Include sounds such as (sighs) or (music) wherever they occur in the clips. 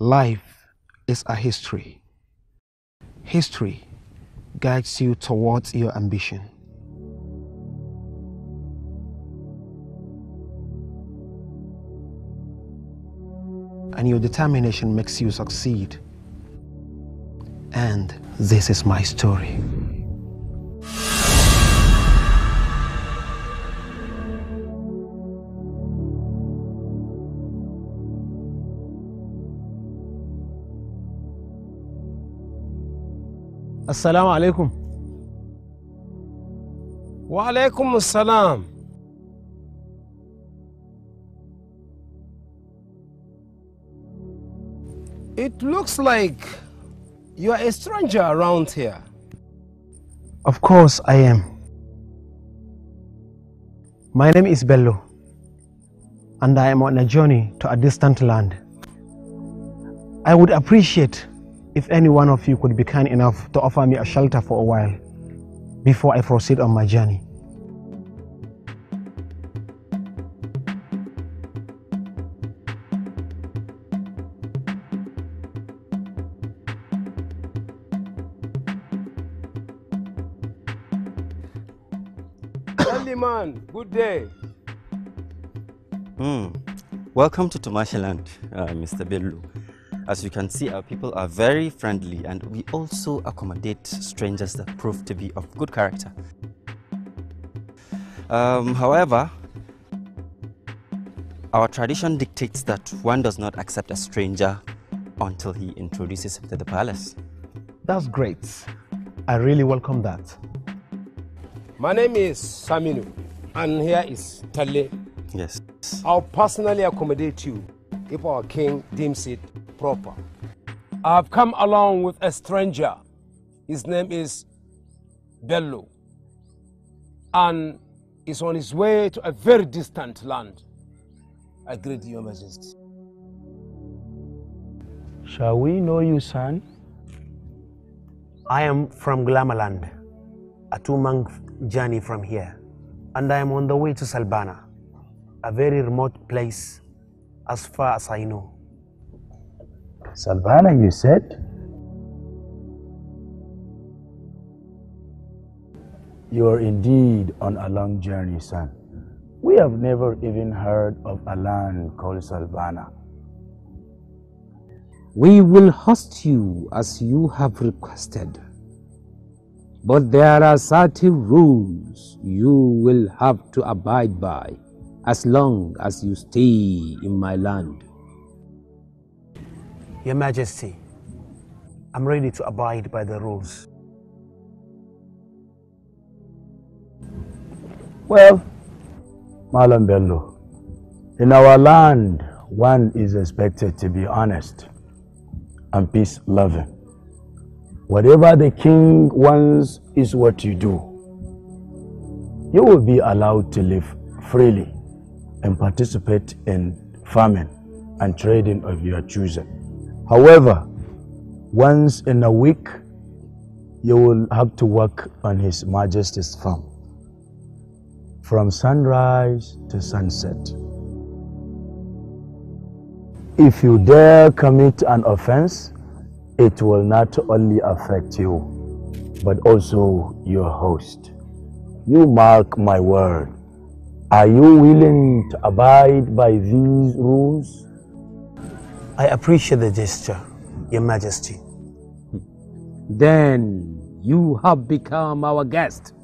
Life is a history. History guides you towards your ambition. And your determination makes you succeed. And this is my story. Assalamu alaikum. Wa alaikum assalam. It looks like you are a stranger around here. Of course I am. My name is Bello and I am on a journey to a distant land. I would appreciate if any one of you could be kind enough to offer me a shelter for a while before I proceed on my journey. Holy man, good day. Mm. Welcome to Tomashaland, uh, Mr. Bellu. As you can see, our people are very friendly and we also accommodate strangers that prove to be of good character. Um, however, our tradition dictates that one does not accept a stranger until he introduces him to the palace. That's great. I really welcome that. My name is Saminu, and here is Tale. Yes. I'll personally accommodate you if our king deems it proper. I've come along with a stranger. His name is Bello. And is on his way to a very distant land. I greet your majesty. Shall we know you, son? I am from Glamaland, a two-month journey from here. And I am on the way to Salbana, a very remote place as far as I know. Salvana, you said you are indeed on a long journey, son. We have never even heard of a land called Salvana. We will host you as you have requested. But there are certain rules you will have to abide by as long as you stay in my land. Your Majesty, I'm ready to abide by the rules. Well, Malam Bello, in our land, one is expected to be honest and peace-loving. Whatever the king wants is what you do. You will be allowed to live freely and participate in farming and trading of your choosing. However, once in a week, you will have to work on His Majesty's farm from sunrise to sunset. If you dare commit an offense, it will not only affect you, but also your host. You mark my word. Are you willing to abide by these rules? I appreciate the gesture, Your Majesty. Then you have become our guest.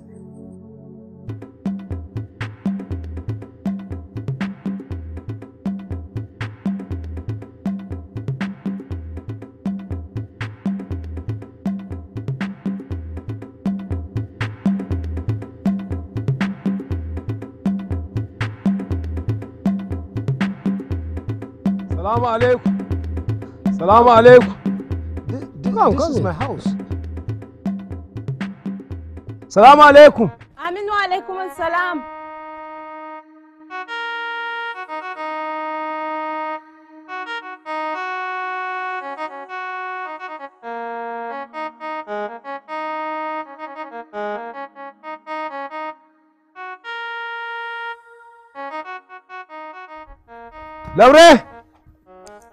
Assalamu alaikum. Salamu alaikum. Oh, this, this is my house. Salamu alaikum. Aminu alaikum salam. Laure?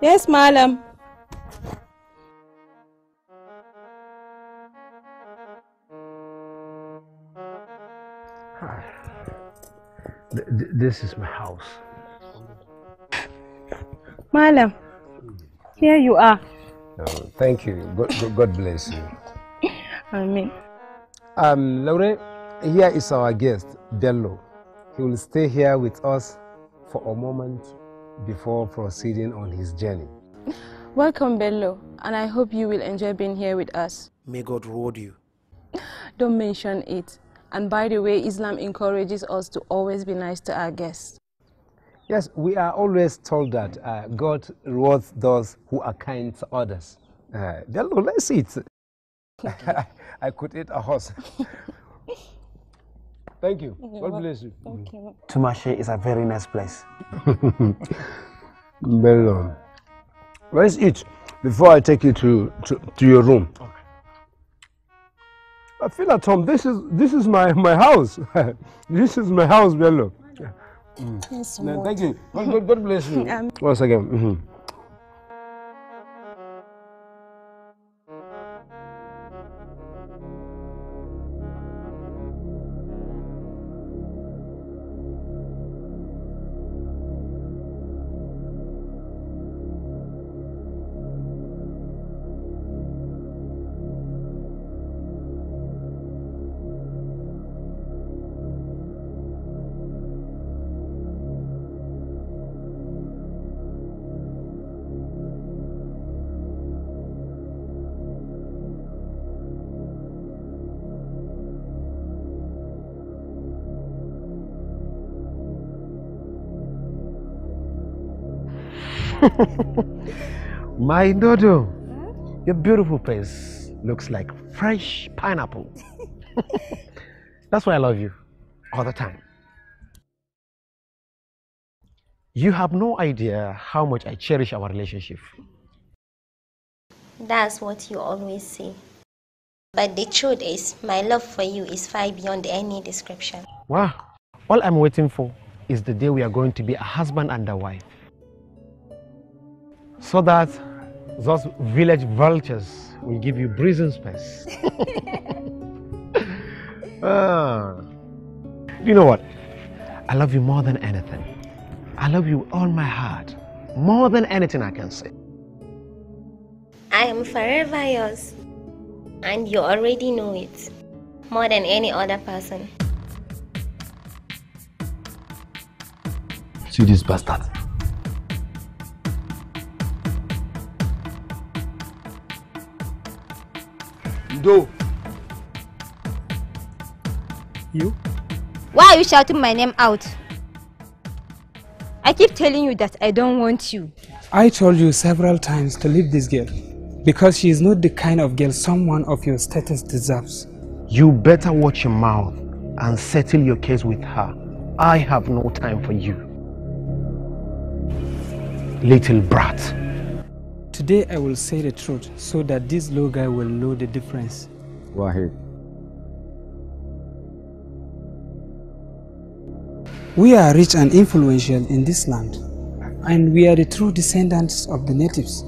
Yes, Malam. this is my house. Malam, here you are. Uh, thank you. God, God bless you. Amen. Um, Laure, here is our guest, Bello. He will stay here with us for a moment before proceeding on his journey. Welcome, Bello, and I hope you will enjoy being here with us. May God reward you. Don't mention it. And by the way, Islam encourages us to always be nice to our guests. Yes, we are always told that uh, God rewards those who are kind to others. Uh, let's eat. (laughs) (laughs) I could eat a horse. Thank you. God bless you. you. Tumashe is a very nice place. (laughs) very long. Let's eat before I take you to, to, to your room. Okay. I feel at home. This is this is my my house. (laughs) this is my house, Bello. Mm. Thank you. God, God bless you. (laughs) Um, Once again. Mm -hmm. (laughs) My Dodo, your beautiful face looks like fresh pineapple. (laughs) That's why I love you all the time. You have no idea how much I cherish our relationship. That's what you always say. But the truth is, my love for you is far beyond any description. Wow. All I'm waiting for is the day we are going to be a husband and a wife so that those village vultures will give you breathing space. (laughs) ah. You know what? I love you more than anything. I love you all my heart, more than anything I can say. I am forever yours, and you already know it, more than any other person. See this bastard. You? Why are you shouting my name out? I keep telling you that I don't want you. I told you several times to leave this girl because she is not the kind of girl someone of your status deserves. You better watch your mouth and settle your case with her. I have no time for you. Little brat. Today I will say the truth so that this low guy will know the difference. Go ahead. We are rich and influential in this land, and we are the true descendants of the natives,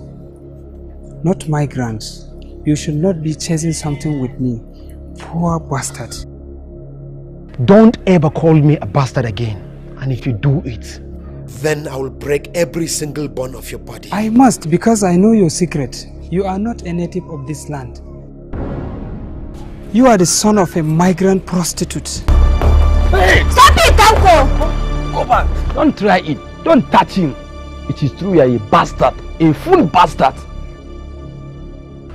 not migrants. You should not be chasing something with me, poor bastard. Don't ever call me a bastard again, and if you do it, then I will break every single bone of your body. I must because I know your secret. You are not a native of this land. You are the son of a migrant prostitute. Hey! Stop it, uncle! Go back. Don't try it. Don't touch him. It is true you are a bastard. A full bastard.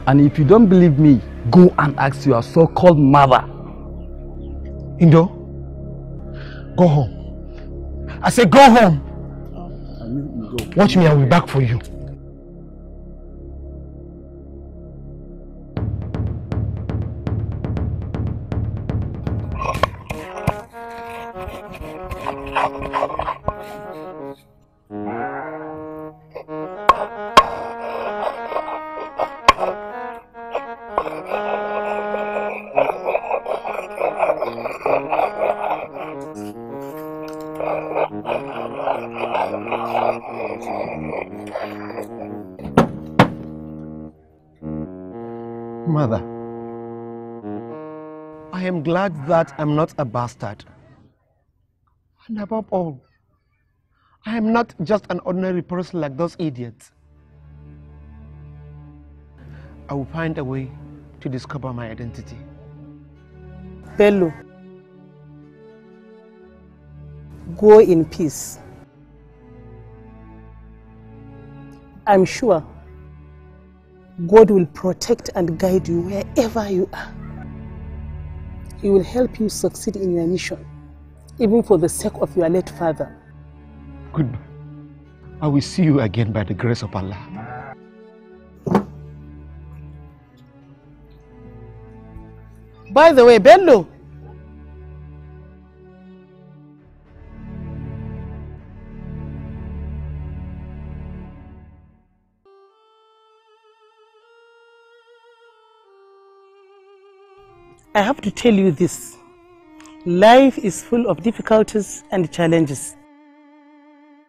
And if you don't believe me, go and ask your so-called mother. Indo, go home. I said go home. Watch me and we'll back for you. glad that I'm not a bastard. And above all, I am not just an ordinary person like those idiots. I will find a way to discover my identity. Bello, go in peace. I'm sure God will protect and guide you wherever you are. He will help you succeed in your mission, even for the sake of your late father. Goodbye. I will see you again by the grace of Allah. By the way, Bello, I have to tell you this. Life is full of difficulties and challenges.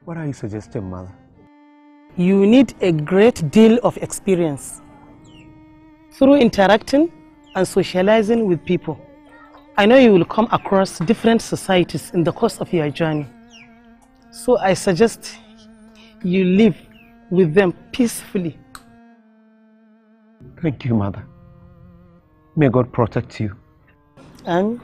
What are you suggesting, mother? You need a great deal of experience through interacting and socializing with people. I know you will come across different societies in the course of your journey. So I suggest you live with them peacefully. Thank you, mother. May God protect you. And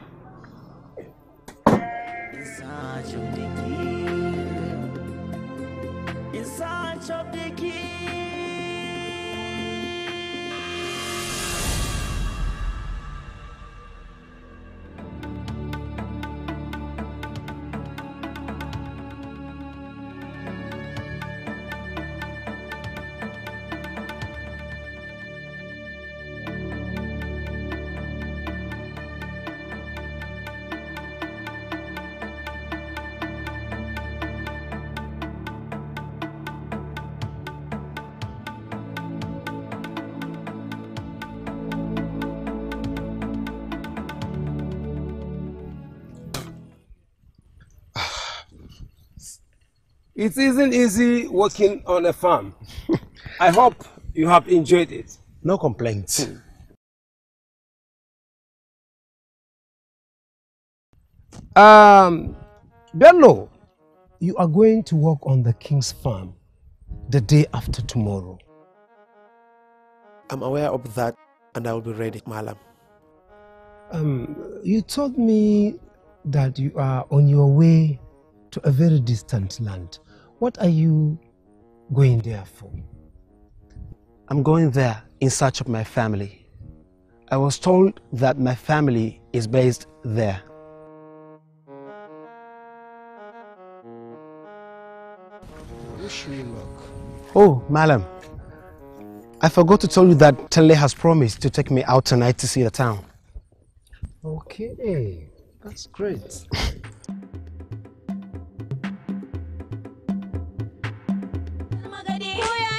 It isn't easy working on a farm. I hope you have enjoyed it. No complaints. Hmm. Um, Bello, you are going to work on the king's farm the day after tomorrow. I'm aware of that and I will be ready, Malam. Um, you told me that you are on your way to a very distant land. What are you going there for? I'm going there in search of my family. I was told that my family is based there. Wish luck. Oh, madam. I forgot to tell you that Tele has promised to take me out tonight to see the town. Okay, that's great.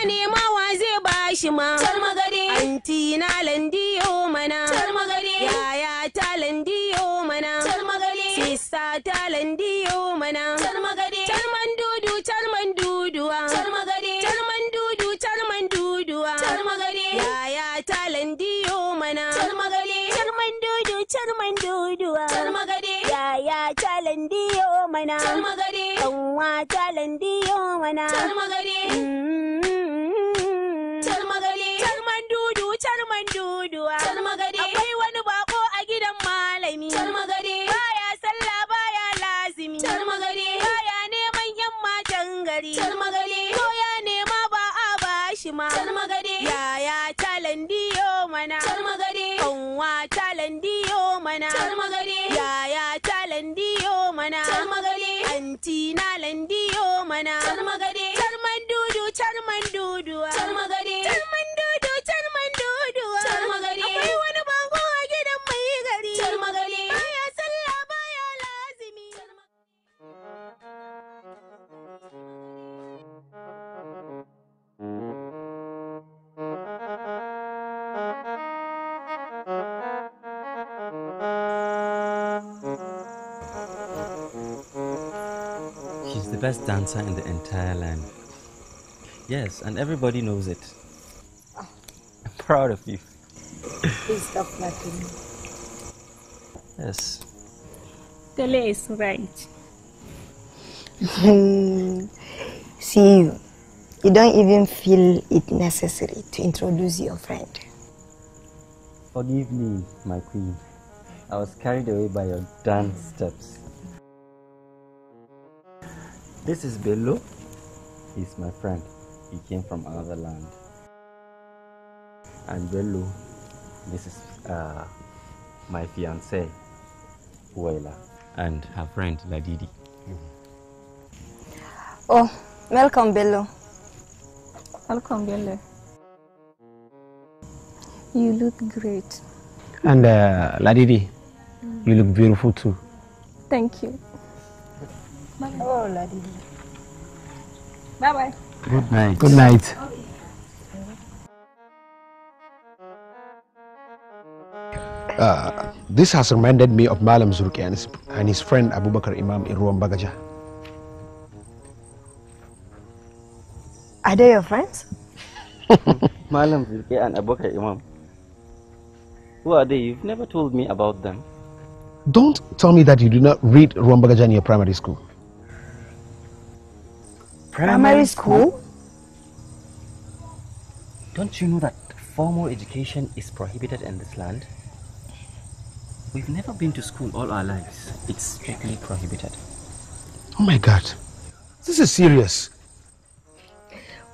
nema wa zai bashi ma tarmagade anti na landiyo mana tarmagade yaya ta landiyo mana tarmagade sista ta landiyo mana tarmagade tarman dudu tarman duduwa tarmagade tarman dudu tarman duduwa tarmagade yaya ta landiyo mana tarmagade tarman dudu tarman duduwa tarmagade yaya ta landiyo mana tarmagade kanwa ta landiyo mana tarmagade duduwa akwai wani bako a gidan malami baya sallah baya lazimi baya neman yan matan gari ko ya nema ba a bashi ma yaya best dancer in the entire land. Yes, and everybody knows it. I'm proud of you. Please stop laughing. Yes. Kale is right. (laughs) See you. You don't even feel it necessary to introduce your friend. Forgive me, my queen. I was carried away by your dance steps. This is Bello. He's my friend. He came from another land. And Bello, this is uh, my fiancée, Huela, and her friend, Ladidi. Mm -hmm. Oh, welcome, Bello. Welcome, Bello. You look great. And uh, Ladidi, mm -hmm. you look beautiful too. Thank you. Bye bye. Good night. Good night. Uh, this has reminded me of Malam Zuruki and his, and his friend Imam in Ruan Bagaja. Are they your friends? (laughs) Malam Zuruki and Bakr Imam. Who are they? You've never told me about them. Don't tell me that you do not read Ruan Bagaja in your primary school. Primary school? Don't you know that formal education is prohibited in this land? We've never been to school all our lives. It's strictly prohibited. Oh my God. This is serious.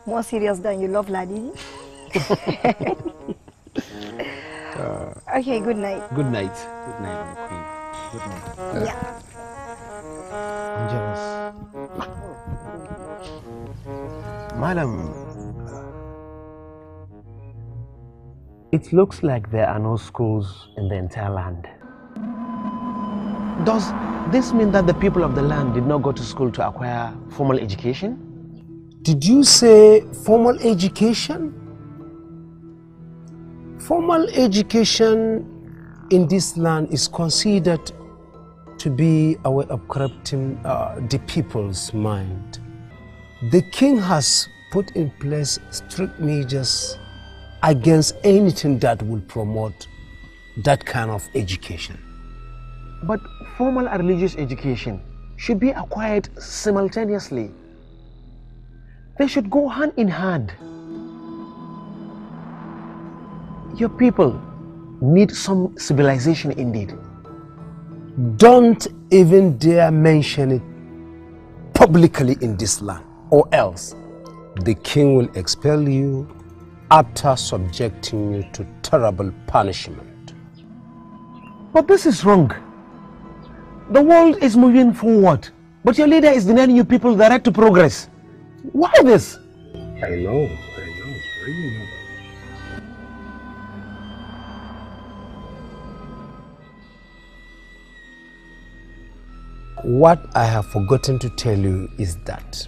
More serious than you love, Ladidi. uh, (laughs) okay, good night. Good night. Good night, my queen. Good night. yeah. I'm jealous. Madam, it looks like there are no schools in the entire land. Does this mean that the people of the land did not go to school to acquire formal education? Did you say formal education? Formal education in this land is considered to be a way of corrupting uh, the people's mind. The king has put in place strict measures against anything that will promote that kind of education. But formal religious education should be acquired simultaneously. They should go hand in hand. Your people need some civilization indeed. Don't even dare mention it publicly in this land or else the king will expel you after subjecting you to terrible punishment. But this is wrong. The world is moving forward, but your leader is denying you people the right to progress. Why this? I know, I know, really know. What I have forgotten to tell you is that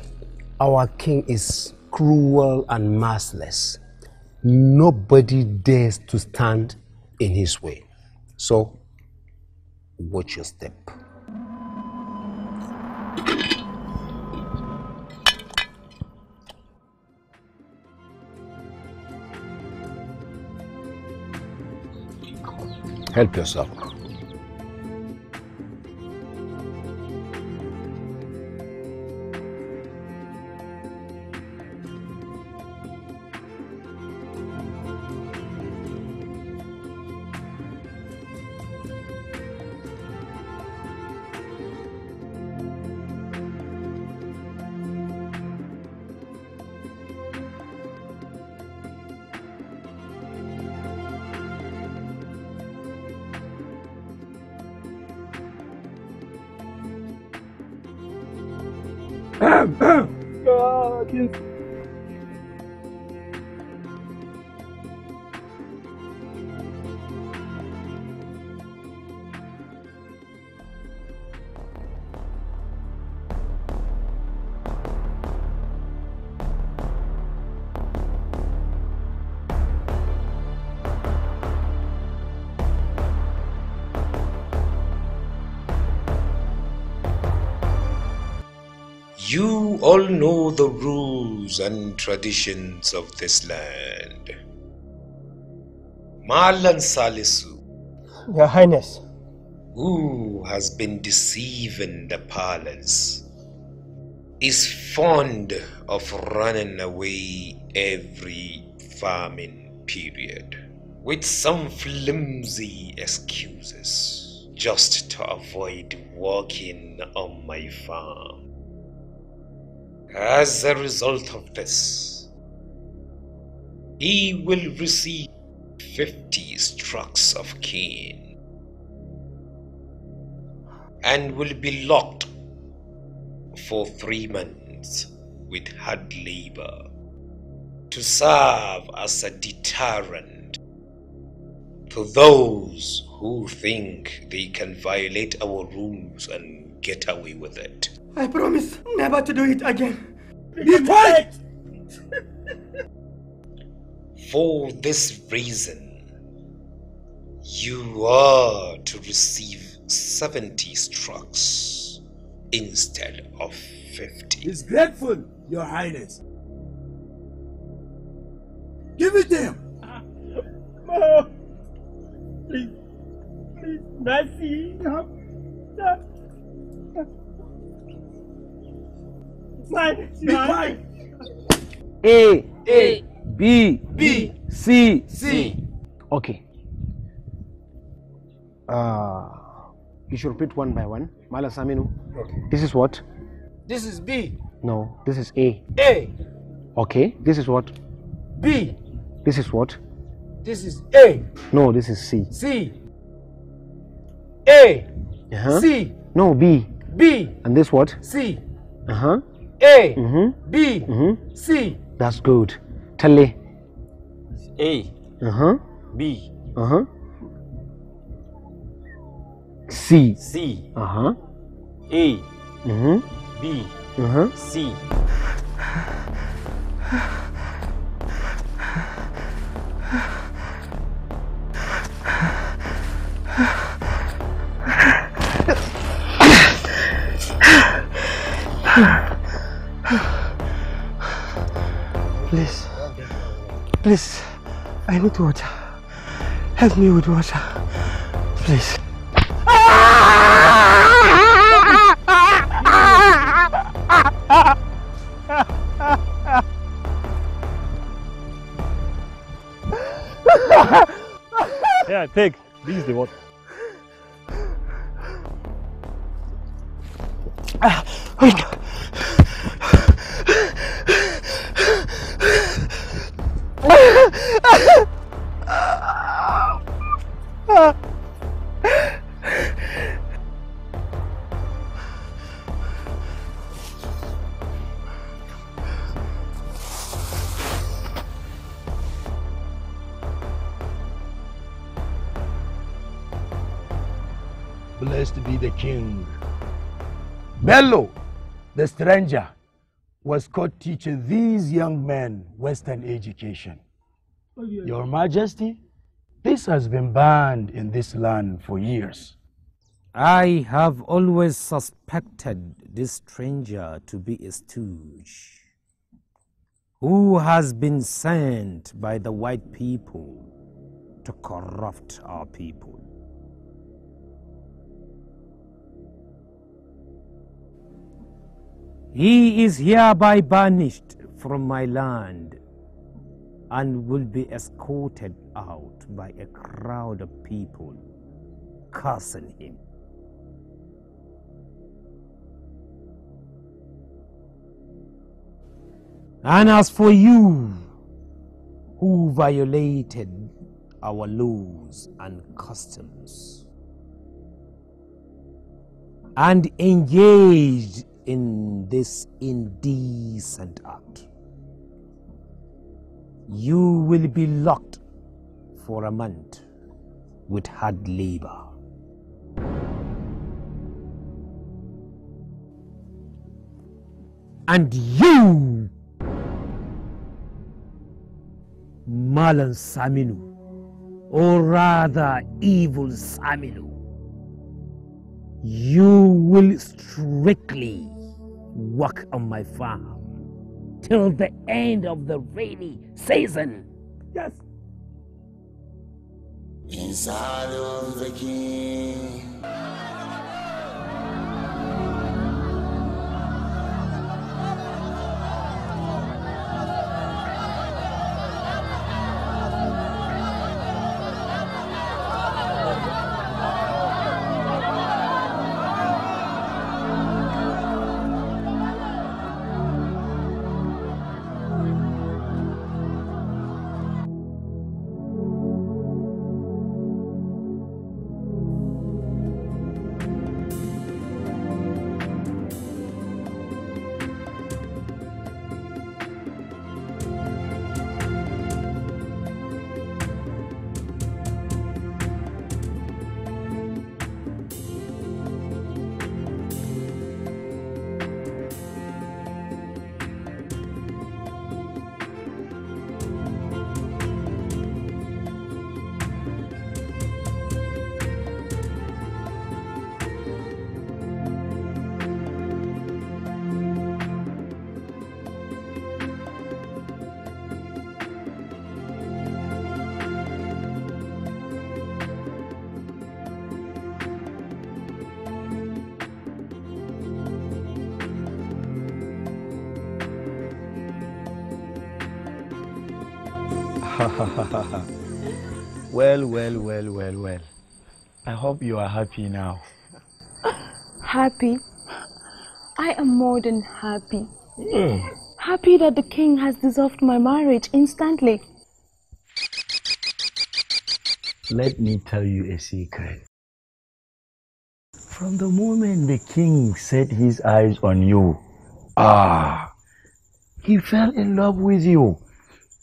our king is cruel and merciless. Nobody dares to stand in his way. So, watch your step. Help yourself. know the rules and traditions of this land. Marlan Salisu. Your Highness. Who has been deceiving the palace is fond of running away every farming period with some flimsy excuses just to avoid working on my farm. As a result of this, he will receive 50 strokes of cane and will be locked for three months with hard labor to serve as a deterrent to those who think they can violate our rules and get away with it. I promise never to do it again. Be quiet! For this reason, you are to receive 70 strokes instead of 50. It's grateful, Your Highness. Give it to him! Ah, oh, please, please, mercy, help, help. Be quiet. A. A. B. B. C. C. Okay. Uh, you should repeat one by one. Mala Saminu. Okay. This is what? This is B. No, this is A. A. Okay. This is what? B. This is what? This is A. No, this is C. C. A. Uh -huh. C. No, B. B. And this what? C. Uh huh. A, mm-hmm. B, mm-hmm. C. That's good. Tele. A. Uh huh. B. Uh huh. C. C. Uh huh. A. Mm-hmm. B. Uh huh. C. Please, I need water. Help me with water. Please. yeah, take. This is the water. Bello, the stranger, was caught teaching these young men Western education. Oh, Your Majesty, this has been banned in this land for years. I have always suspected this stranger to be a stooge who has been sent by the white people to corrupt our people. He is hereby banished from my land and will be escorted out by a crowd of people cursing him. And as for you who violated our laws and customs and engaged in this indecent act. You will be locked for a month with hard labor. And you, Malan Saminu, or rather evil Saminu, you will strictly work on my farm till the end of the rainy season. Yes. Inside of the king. (laughs) well, well, well, well, well. I hope you are happy now. Happy? I am more than happy. Mm. Happy that the king has dissolved my marriage instantly. Let me tell you a secret. From the moment the king set his eyes on you, ah, he fell in love with you.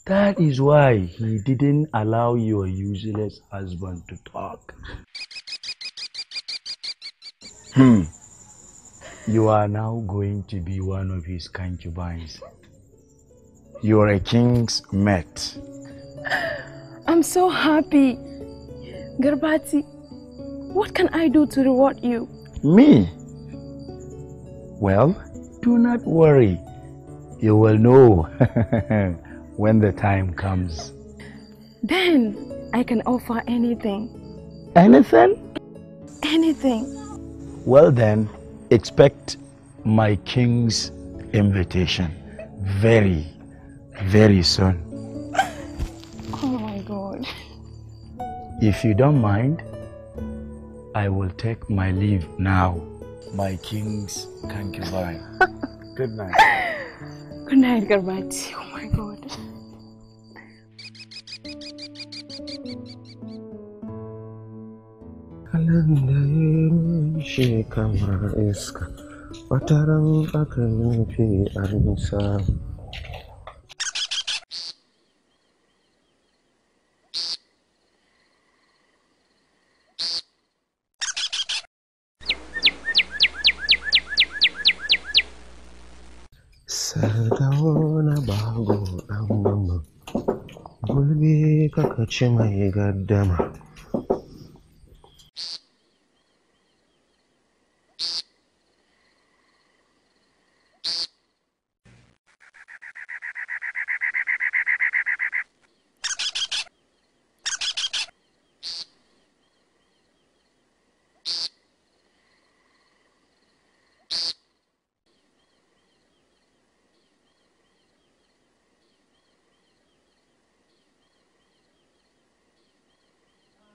That is why he didn't allow your useless husband to talk. Hmm. You are now going to be one of his concubines. You are a king's mate. I'm so happy. Garbati, what can I do to reward you? Me? Well, do not worry. You will know. (laughs) when the time comes. Then I can offer anything. Anything? Anything. Well then, expect my king's invitation very, very soon. (laughs) Oh my God. If you don't mind, I will take my leave now. My king's concubine. (laughs) Good night. Good night, Garbati. Oh my God. kalan da ya shi kamar iska wataran aka nufi an samu na bago ɗan mamman, gulbi kaka ci mai gaddama.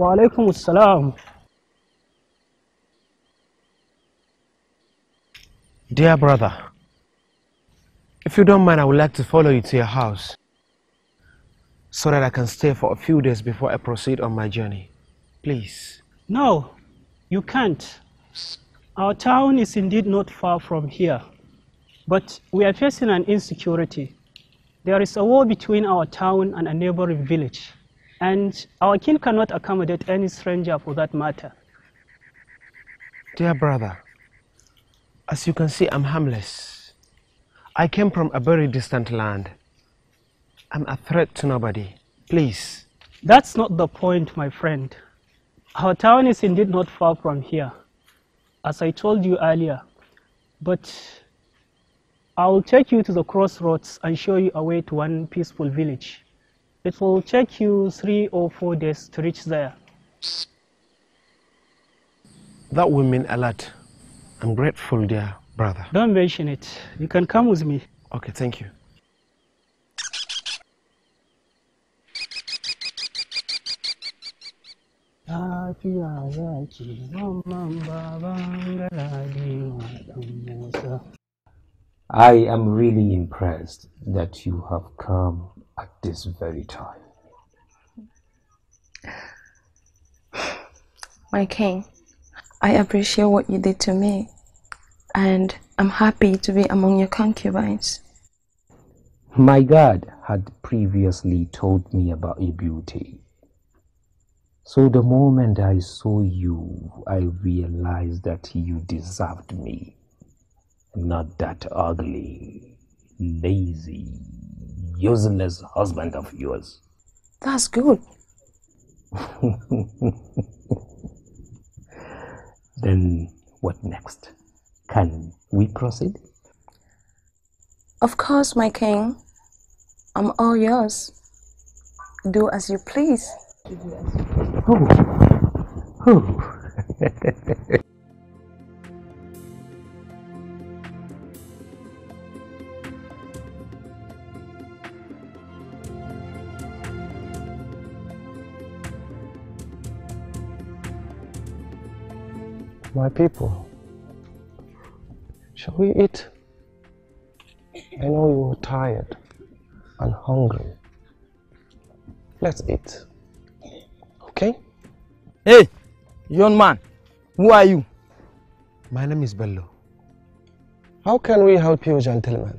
ওয়ালাইকুম আসসালাম Dear brother, if you don't mind, I would like to follow you to your house so that I can stay for a few days before I proceed on my journey. Please. No, you can't. Our town is indeed not far from here, but we are facing an insecurity. There is a war between our town and a neighboring village and our king cannot accommodate any stranger for that matter. Dear brother, as you can see, I'm harmless. I came from a very distant land. I'm a threat to nobody. Please. That's not the point, my friend. Our town is indeed not far from here, as I told you earlier. But I will take you to the crossroads and show you a way to one peaceful village. It will take you three or four days to reach there. That will mean a lot. I'm grateful, dear brother. Don't mention it. You can come with me. Okay, thank you. I am really impressed that you have come at this very time. My king, I appreciate what you did to me, and I'm happy to be among your concubines. My God had previously told me about your beauty. So the moment I saw you, I realized that you deserved me, not that ugly, lazy, useless husband of yours. That's good. (laughs) then what next? Can we proceed? Of course, my king. I'm all yours. Do as you please. Oh. Oh. (laughs) my people. Shall we eat? I know you are tired and hungry. Let's eat. Okay? Hey, young man, who are you? My name is Bello. How can we help you, gentlemen?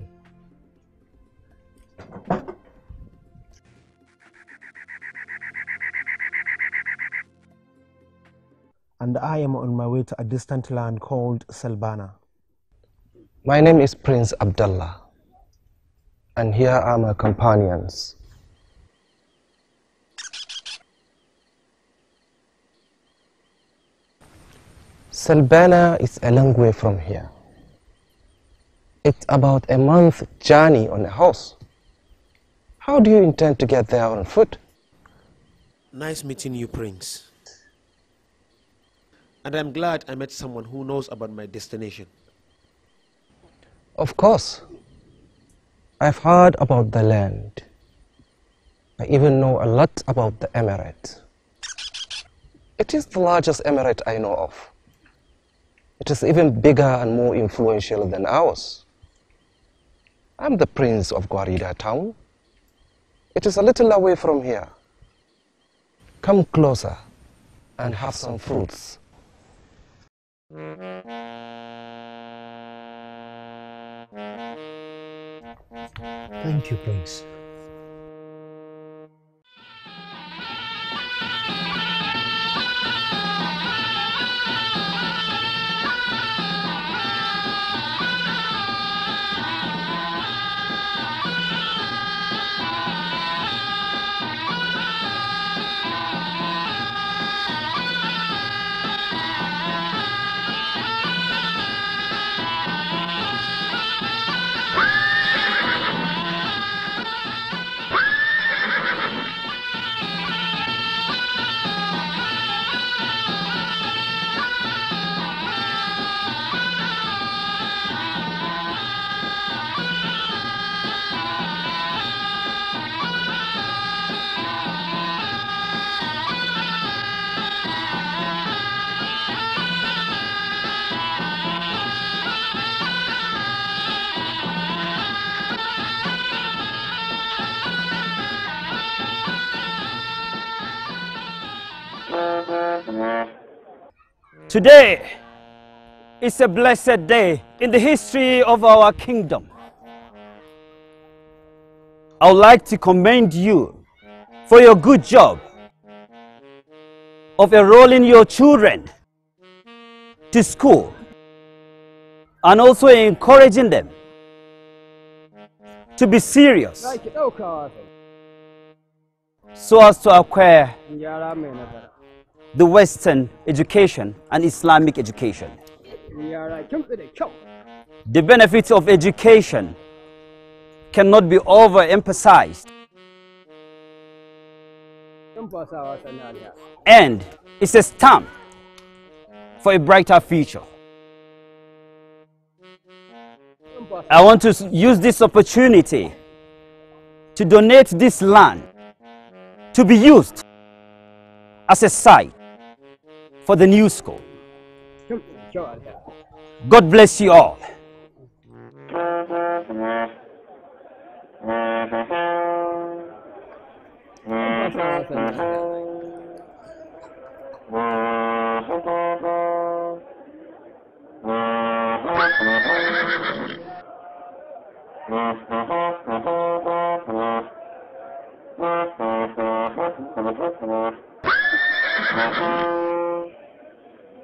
and I am on my way to a distant land called Selbana. My name is Prince Abdullah, and here are my companions. Selbana is a long way from here. It's about a month journey on a horse. How do you intend to get there on foot? Nice meeting you, Prince. And I'm glad I met someone who knows about my destination. Of course. I've heard about the land. I even know a lot about the emirate. It is the largest emirate I know of. It is even bigger and more influential than ours. I'm the prince of Guarida town. It is a little away from here. Come closer and have some fruits. Thank you, Prince. Today is a blessed day in the history of our kingdom. I would like to commend you for your good job of enrolling your children to school and also encouraging them to be serious so as to acquire the Western education and Islamic education. The benefits of education cannot be overemphasized. And it's a stamp for a brighter future. I want to use this opportunity to donate this land to be used as a site for the new school. God bless you all.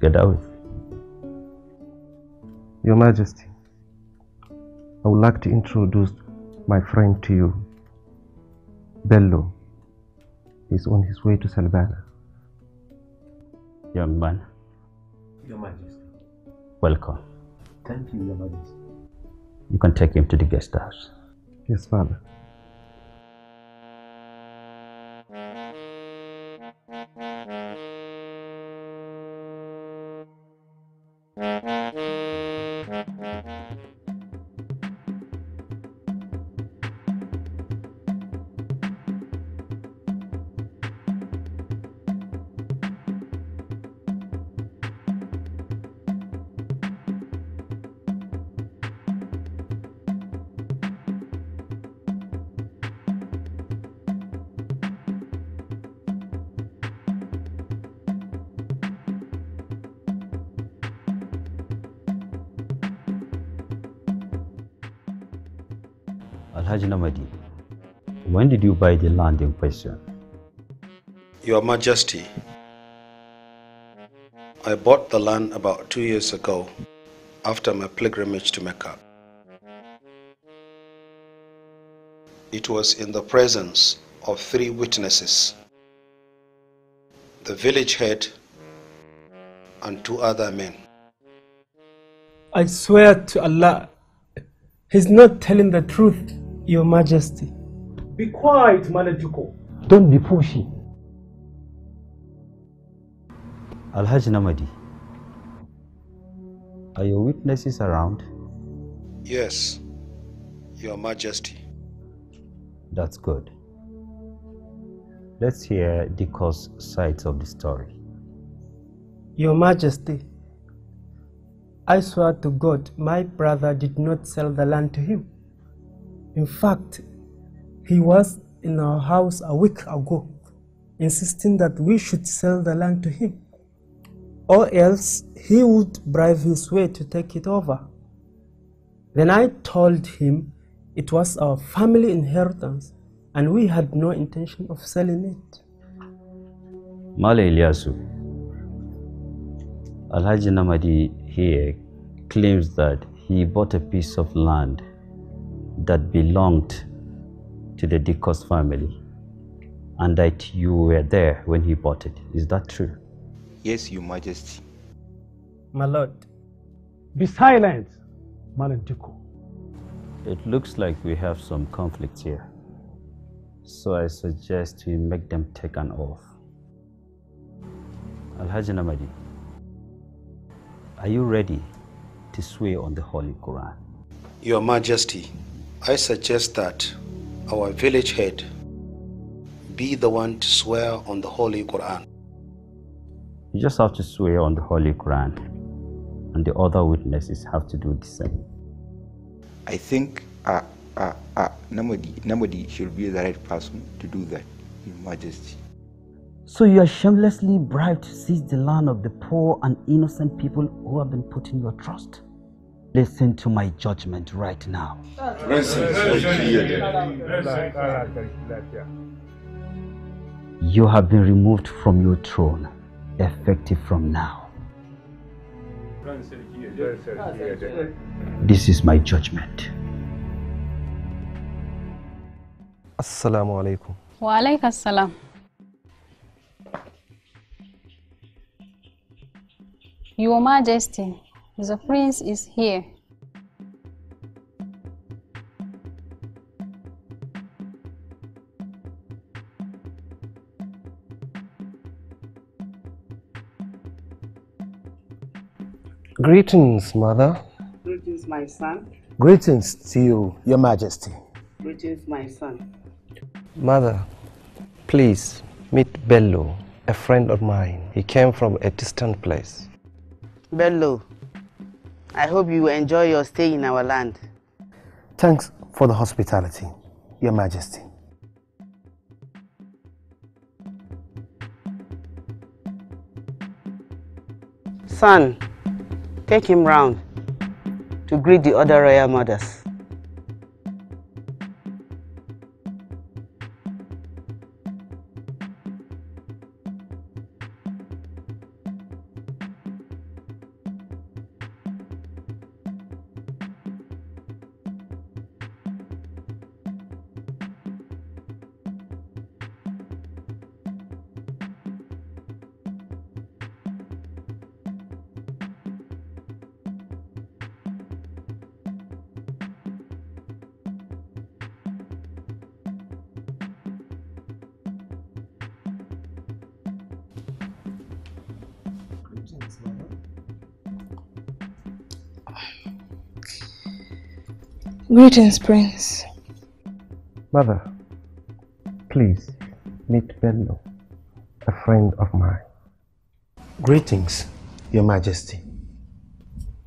together with. Your Majesty, I would like to introduce my friend to you, Bello. He's on his way to Salbana. Young man. Your Majesty. Welcome. Thank you, Your Majesty. You can take him to the guest house. Yes, Father. by the land in question. Your Majesty, I bought the land about two years ago after my pilgrimage to Mecca. It was in the presence of three witnesses the village head and two other men. I swear to Allah, he's not telling the truth, Your Majesty. Be quiet, Manajuko. Don't be pushy. Alhaji Namadi, are your witnesses around? Yes, Your Majesty. That's good. Let's hear Diko's side of the story. Your Majesty, I swear to God, my brother did not sell the land to him. In fact, he was in our house a week ago, insisting that we should sell the land to him, or else he would bribe his way to take it over. Then I told him it was our family inheritance and we had no intention of selling it. Male Ilyasu, Alhaji Namadi here claims that he bought a piece of land that belonged to the Dikos family and that you were there when he bought it. Is that true? Yes, Your Majesty. My lord. Be silent, Malenduko. It looks like we have some conflict here. So I suggest we make them take an oath. Alhaji Namadi, are you ready to swear on the Holy Quran? Your Majesty, I suggest that our village head, be the one to swear on the Holy Quran. You just have to swear on the Holy Quran, and the other witnesses have to do the same. I think uh, uh, uh, nobody, nobody should be the right person to do that, Your Majesty. So you are shamelessly bribed to seize the land of the poor and innocent people who have been put in your trust? Listen to my judgment right now. You have been removed from your throne, effective from now. This is my judgment. Assalamu alaikum. Wa alaikum assalam. Your Majesty. The prince is here. Greetings, mother. Greetings, my son. Greetings to you, your majesty. Greetings, my son. Mother, please meet Bello, a friend of mine. He came from a distant place. Bello, I hope you enjoy your stay in our land. Thanks for the hospitality, Your Majesty. Son, take him round to greet the other royal mothers. Greetings, Prince. Mother, please meet Bello, a friend of mine. Greetings, Your Majesty.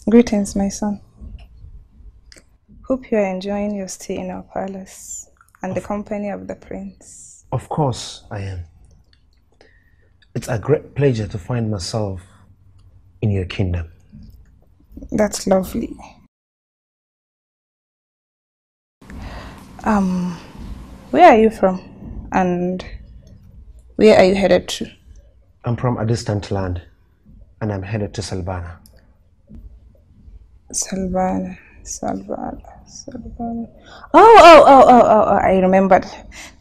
Greetings, my son. Hope you are enjoying your stay in our palace and of the company of the prince. Of course I am. It's a great pleasure to find myself in your kingdom. That's lovely. um, where are you from and where are you headed to? I'm from a distant land and I'm headed to Salvana. Salvana, Salvana, Salvana. Oh, oh, oh, oh, oh, oh, I remembered.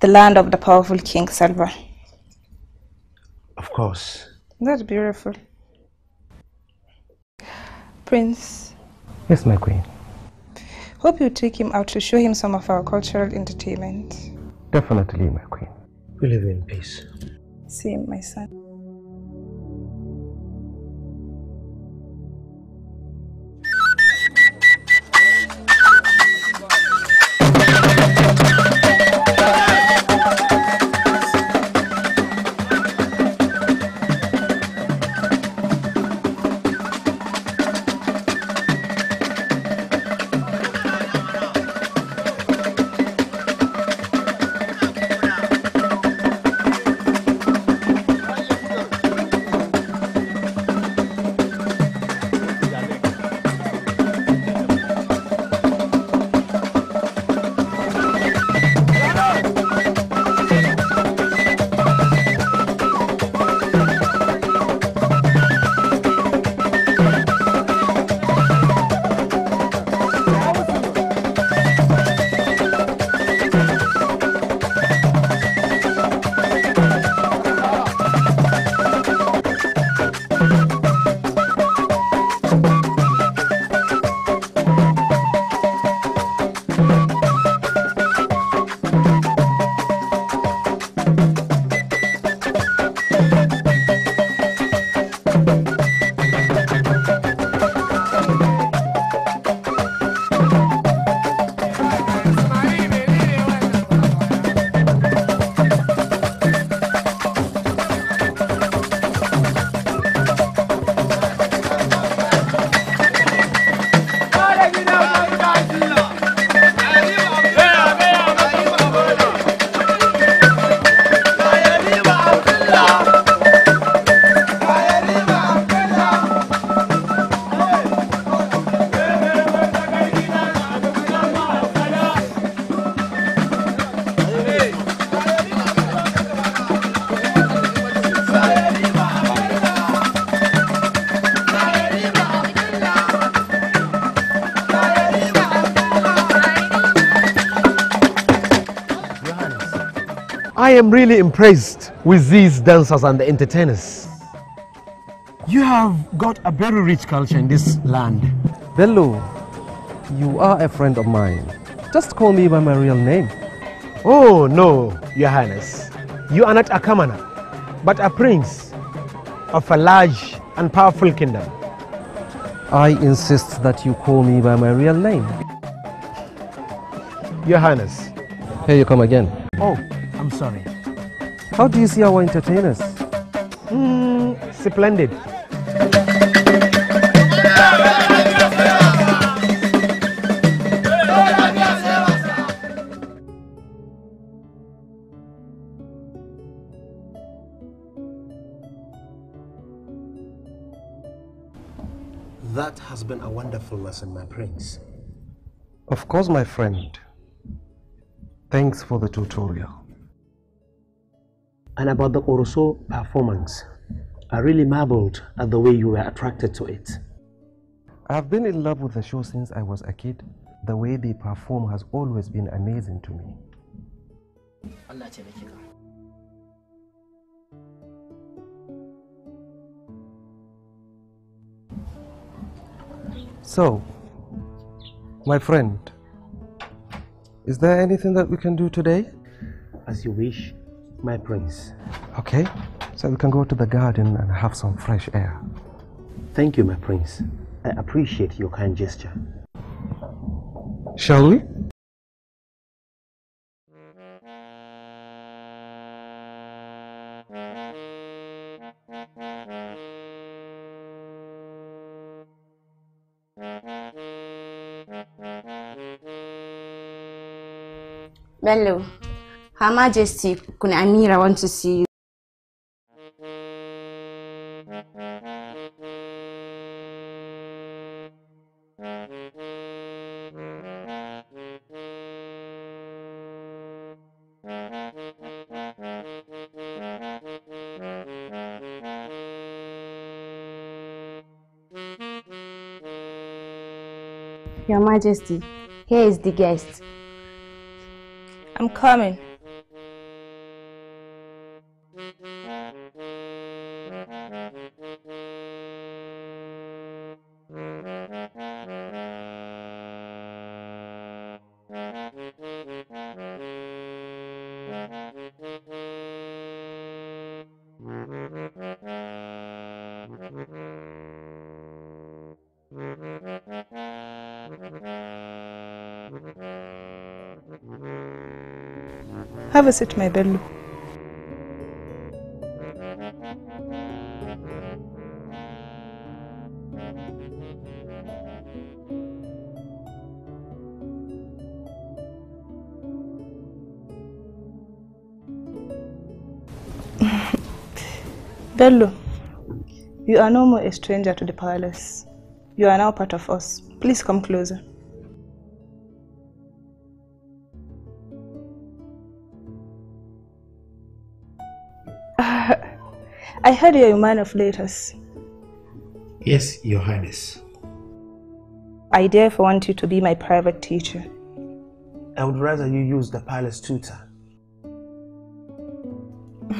The land of the powerful king Salva. Of course. That's beautiful. Prince. Yes, my queen. Hope you take him out to show him some of our cultural entertainment. Definitely, my queen. We live in peace. Same, my son. am really impressed with these dancers and the entertainers. You have got a very rich culture in this land. Bello, you are a friend of mine. Just call me by my real name. Oh, no, Your Highness. You are not a commoner, but a prince of a large and powerful kingdom. I insist that you call me by my real name. Your Highness. Here you come again. Oh. Sorry. How do you see our entertainers? Hmm, splendid. That has been a wonderful lesson, my prince. Of course, my friend. Thanks for the tutorial and about the Oroso performance. I really marveled at the way you were attracted to it. I've been in love with the show since I was a kid. The way they perform has always been amazing to me. So, my friend, is there anything that we can do today? As you wish my prince. Okay, so we can go to the garden and have some fresh air. Thank you, my prince. I appreciate your kind gesture. Shall we? Bello. Her Majesty, Queen I want to see you. Your Majesty, here is the guest. I'm coming. visit my Bello. (laughs) Bello, you are no more a stranger to the palace. You are now part of us. Please come closer. I heard you're a man of letters. Yes, Your Highness. I therefore want you to be my private teacher. I would rather you use the palace tutor. (laughs)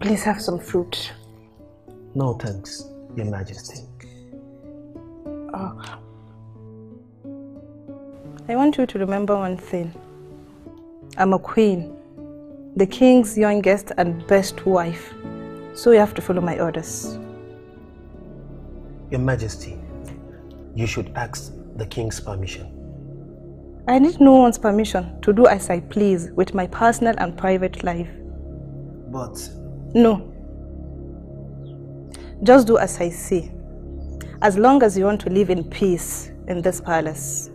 Please have some fruit. No thanks, Your Majesty. Oh. I want you to remember one thing. I'm a queen the king's youngest and best wife. So you have to follow my orders. Your Majesty, you should ask the king's permission. I need no one's permission to do as I please with my personal and private life. But... No. Just do as I say. As long as you want to live in peace in this palace.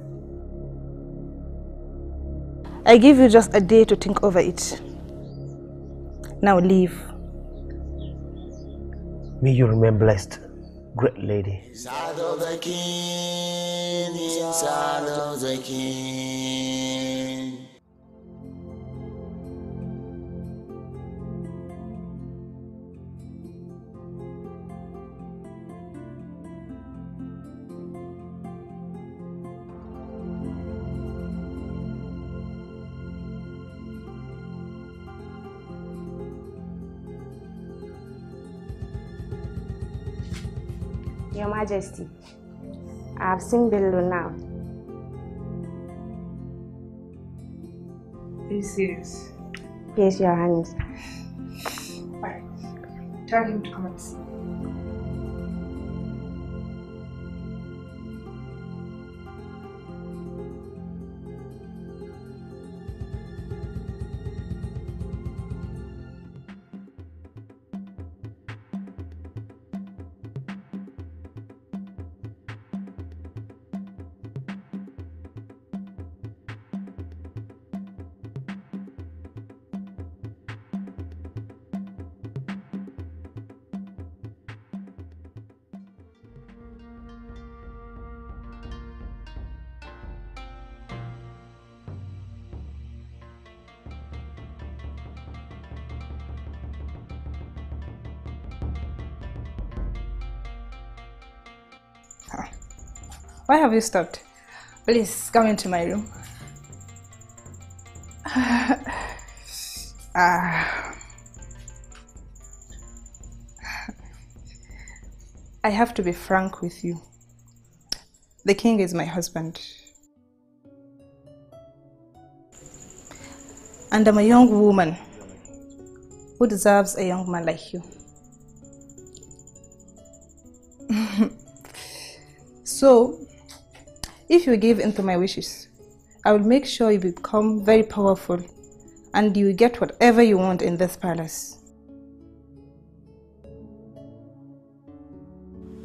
I give you just a day to think over it. Now leave. May you remain blessed, great lady. Inside of the king, inside of the king. Majesty. I've seen Bello now. Are you serious? Yes, Your Highness. Alright. Tell him to come and see Why have you stopped? Please come into my room. (sighs) ah. I have to be frank with you. The king is my husband. And I'm a young woman who deserves a young man like you. (laughs) so, if you give in to my wishes, I will make sure you become very powerful and you get whatever you want in this palace.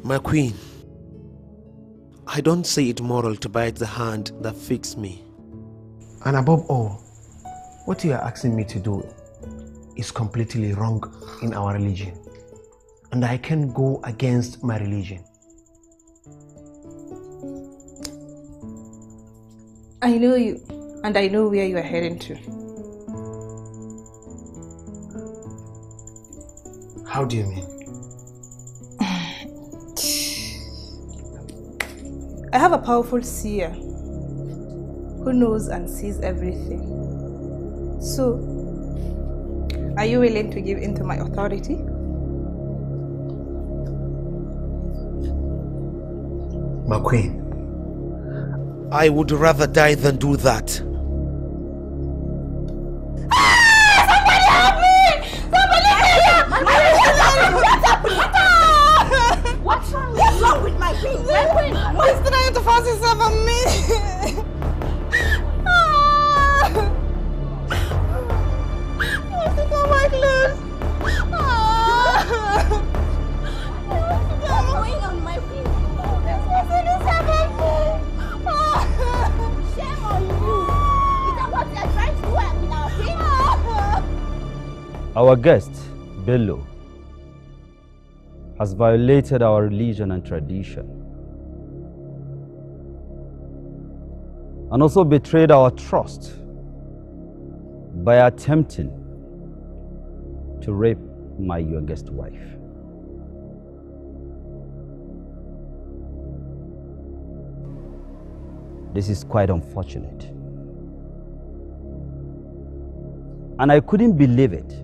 My queen, I don't see it moral to bite the hand that fixed me. And above all, what you are asking me to do is completely wrong in our religion. And I can go against my religion. I know you, and I know where you are heading to. How do you mean? I have a powerful seer who knows and sees everything. So, are you willing to give in to my authority? My queen, I would rather die than do that. Our guest, Bello, has violated our religion and tradition and also betrayed our trust by attempting to rape my youngest wife. This is quite unfortunate. And I couldn't believe it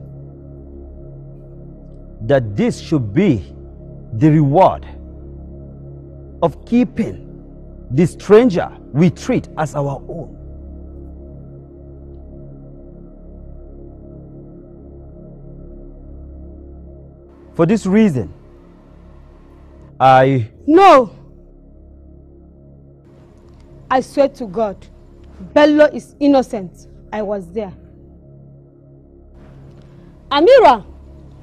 that this should be the reward of keeping the stranger we treat as our own. For this reason, I... No! I swear to God, Bello is innocent. I was there. Amira!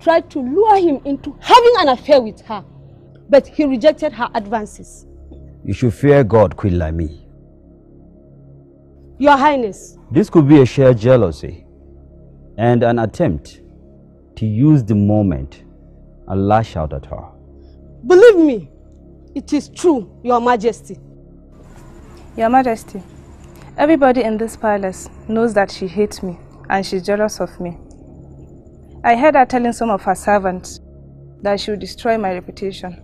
tried to lure him into having an affair with her, but he rejected her advances. You should fear God, Queen Lami. Your Highness. This could be a shared jealousy and an attempt to use the moment and lash out at her. Believe me, it is true, Your Majesty. Your Majesty, everybody in this palace knows that she hates me and she's jealous of me. I heard her telling some of her servants that she would destroy my reputation.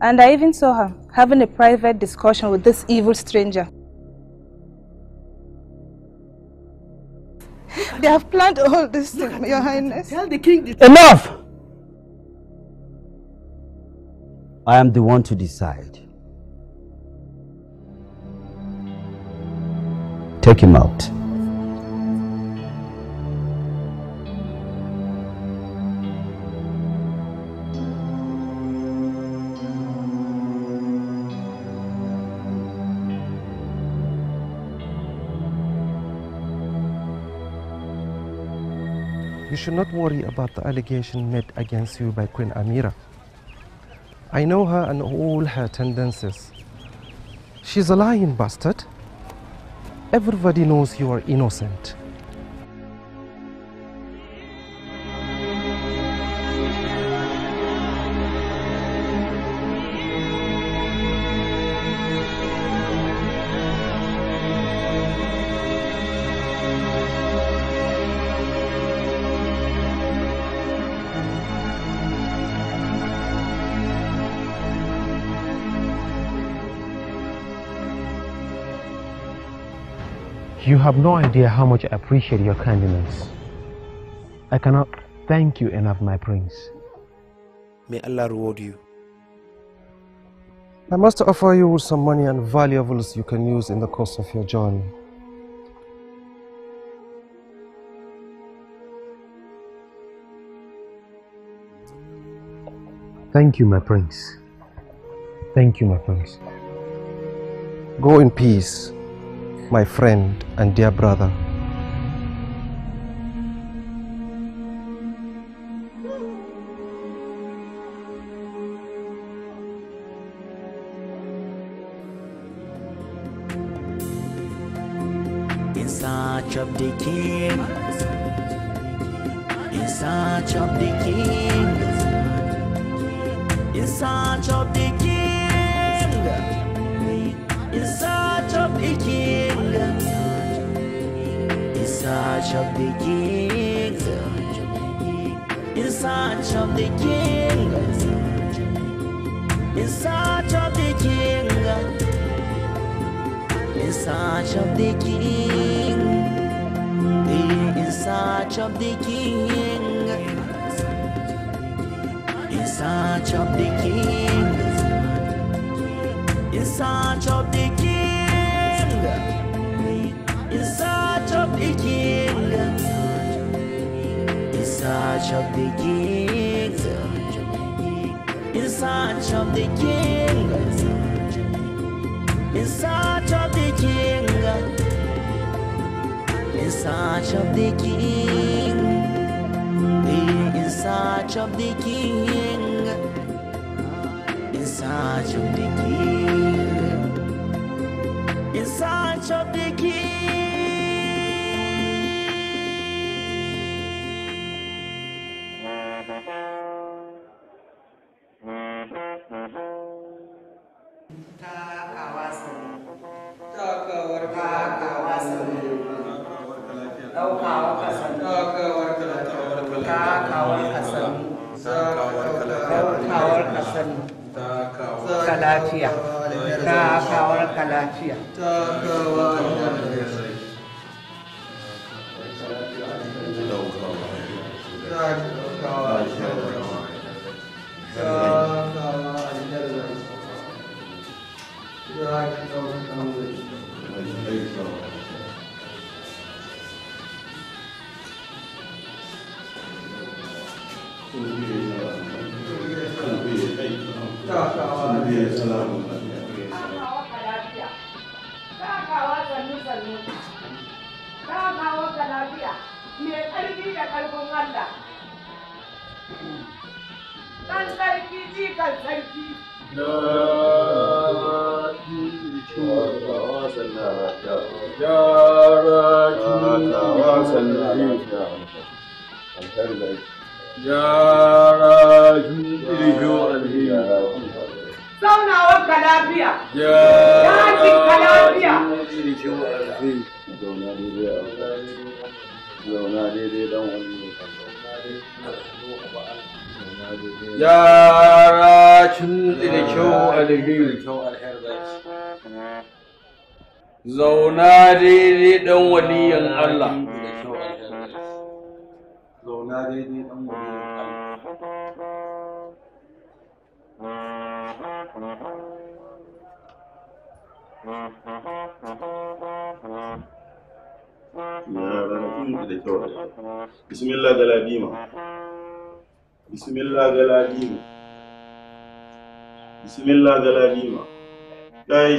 And I even saw her having a private discussion with this evil stranger. They have planned all this, to, Your Highness. Tell the king this. Enough! I am the one to decide. Take him out. should not worry about the allegation made against you by Queen Amira. I know her and all her tendencies. She's a lying bastard. Everybody knows you are innocent. You have no idea how much I appreciate your kindness. I cannot thank you enough, my prince. May Allah reward you. I must offer you some money and valuables you can use in the course of your journey. Thank you, my prince. Thank you, my prince. Go in peace my friend and dear brother. Inside of the key. search of the King. In search of the King. In search of the King. In search of the King. In search of the King. In search of the King. In search of the King. In search of the King such a big deal. It's such a big deal.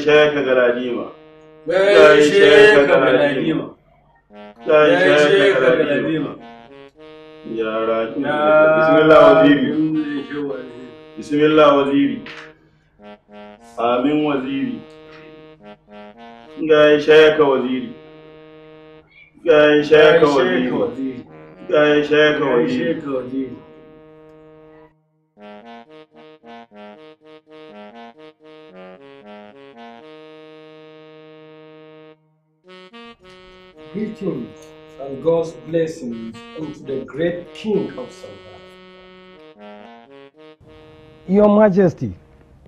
gaishe shayaka galadima gaishe ka galadima gaishe ka galadima yara bismillah waziri bismillah waziri amin waziri gaishe ka waziri gaishe ka waziri gaishe ka waziri greetings and God's blessings unto the great King of Sudan. Your Majesty,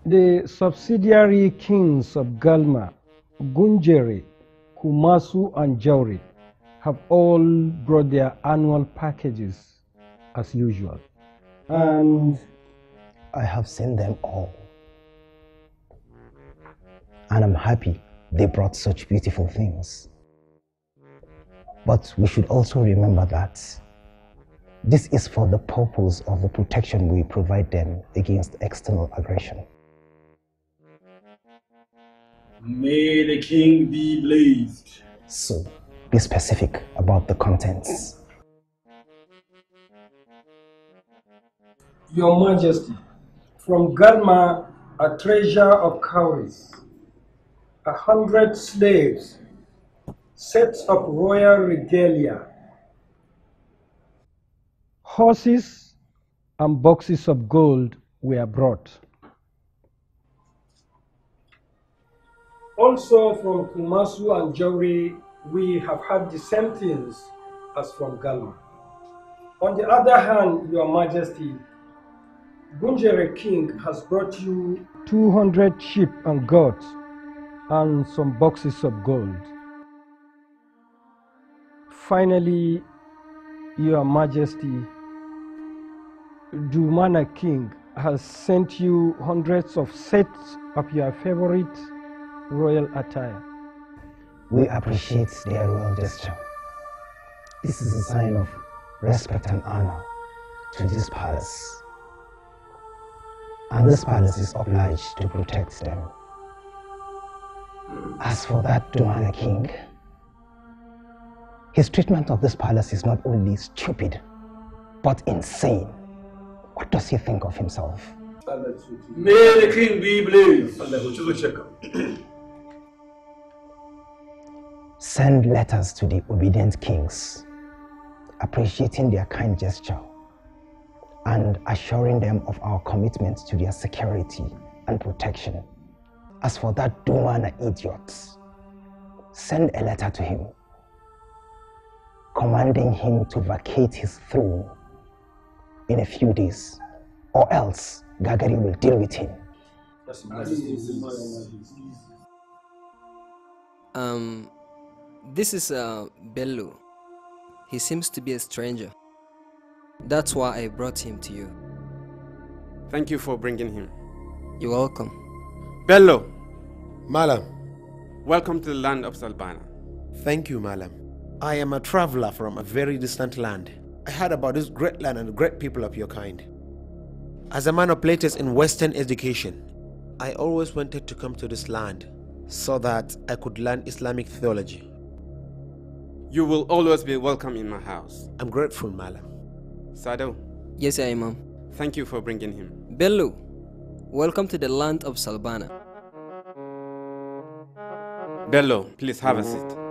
the subsidiary kings of Galma, Gunjeri, Kumasu, and Jauri have all brought their annual packages as usual. And I have seen them all. And I'm happy they brought such beautiful things. But we should also remember that this is for the purpose of the protection we provide them against external aggression. May the king be blessed. So, be specific about the contents. Your Majesty, from Galma, a treasure of cowries, a hundred slaves, sets of royal regalia, horses and boxes of gold were brought. Also from Kumasu and Jori, we have had the same things as from Galma. On the other hand, Your Majesty, Bunjere King has brought you 200 sheep and goats and some boxes of gold. Finally, Your Majesty, Jumana King has sent you hundreds of sets of your favorite royal attire. We appreciate their royal gesture. This is a sign of respect and honor to this palace. And this palace is obliged to protect them. As for that Dumana King, his treatment of this palace is not only stupid, but insane. What does he think of himself? May the king be blessed. Send letters to the obedient kings, appreciating their kind gesture and assuring them of our commitment to their security and protection. As for that Dumana idiot, send a letter to him commanding him to vacate his throne in a few days, or else Gagari will deal with him. Um, this is uh, Bello. He seems to be a stranger. That's why I brought him to you. Thank you for bringing him. You're welcome. Bello! Malam. Welcome to the land of Salbana. Thank you, Malam. I am a traveler from a very distant land. I heard about this great land and great people of your kind. As a man of latest in Western education, I always wanted to come to this land so that I could learn Islamic theology. You will always be welcome in my house. I'm grateful, Mala. Sado. Yes, sir, Imam. Thank you for bringing him. Bello, welcome to the land of Salbana. Bello, please have a seat.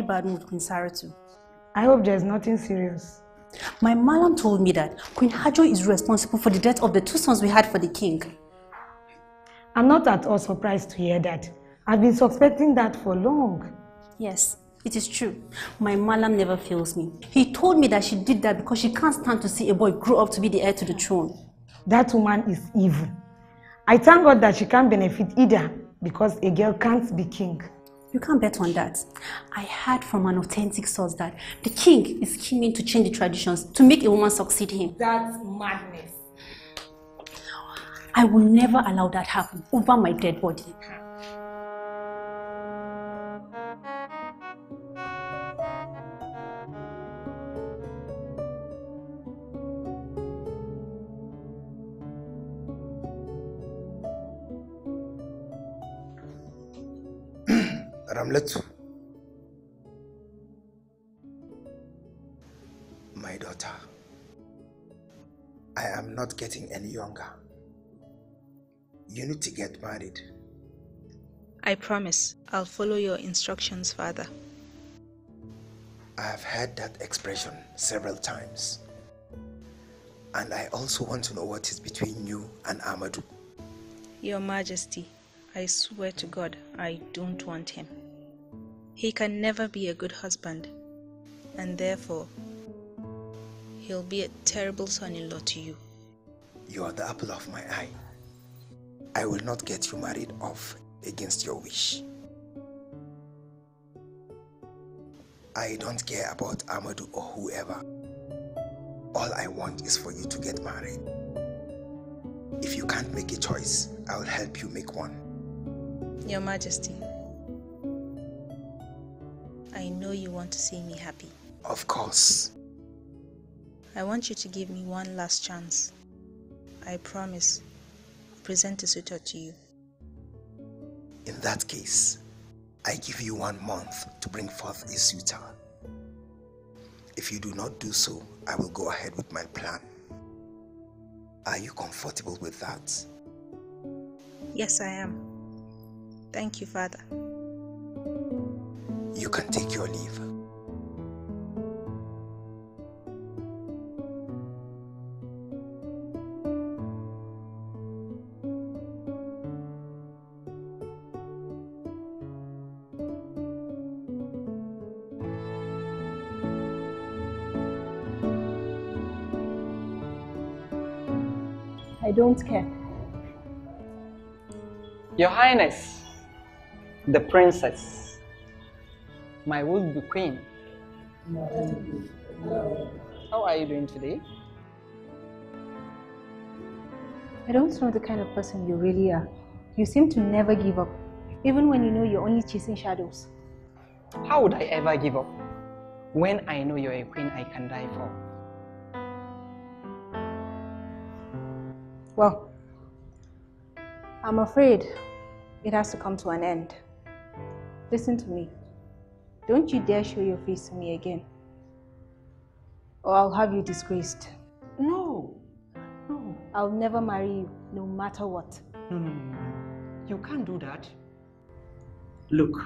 very bad mood, Queen Saratu. I hope there's nothing serious. My malam told me that Queen Hajo is responsible for the death of the two sons we had for the king. I'm not at all surprised to hear that. I've been suspecting that for long. Yes, it is true. My malam never fails me. He told me that she did that because she can't stand to see a boy grow up to be the heir to the throne. That woman is evil. I thank God that she can't benefit either because a girl can't be king. You can't bet on that. I heard from an authentic source that the king is scheming to change the traditions to make a woman succeed him. That's madness. I will never allow that happen over my dead body. Letu, My daughter, I am not getting any younger. You need to get married. I promise I'll follow your instructions, Father. I have heard that expression several times. And I also want to know what is between you and Amadou. Your Majesty, I swear to God, I don't want him. He can never be a good husband, and therefore, he'll be a terrible son in law to you. You are the apple of my eye. I will not get you married off against your wish. I don't care about Amadou or whoever. All I want is for you to get married. If you can't make a choice, I'll help you make one. Your Majesty. I know you want to see me happy. Of course. I want you to give me one last chance. I promise. I'll present a suitor to you. In that case, I give you one month to bring forth a suitor. If you do not do so, I will go ahead with my plan. Are you comfortable with that? Yes, I am. Thank you, Father you can take your leave. I don't care. Your Highness, the princess my would be queen. How are you doing today? I don't know the kind of person you really are. You seem to never give up, even when you know you're only chasing shadows. How would I ever give up? When I know you're a queen I can die for. Well, I'm afraid it has to come to an end. Listen to me. Don't you dare show your face to me again. Or I'll have you disgraced. No. No. I'll never marry you, no matter what. No, no, no, no. You can't do that. Look,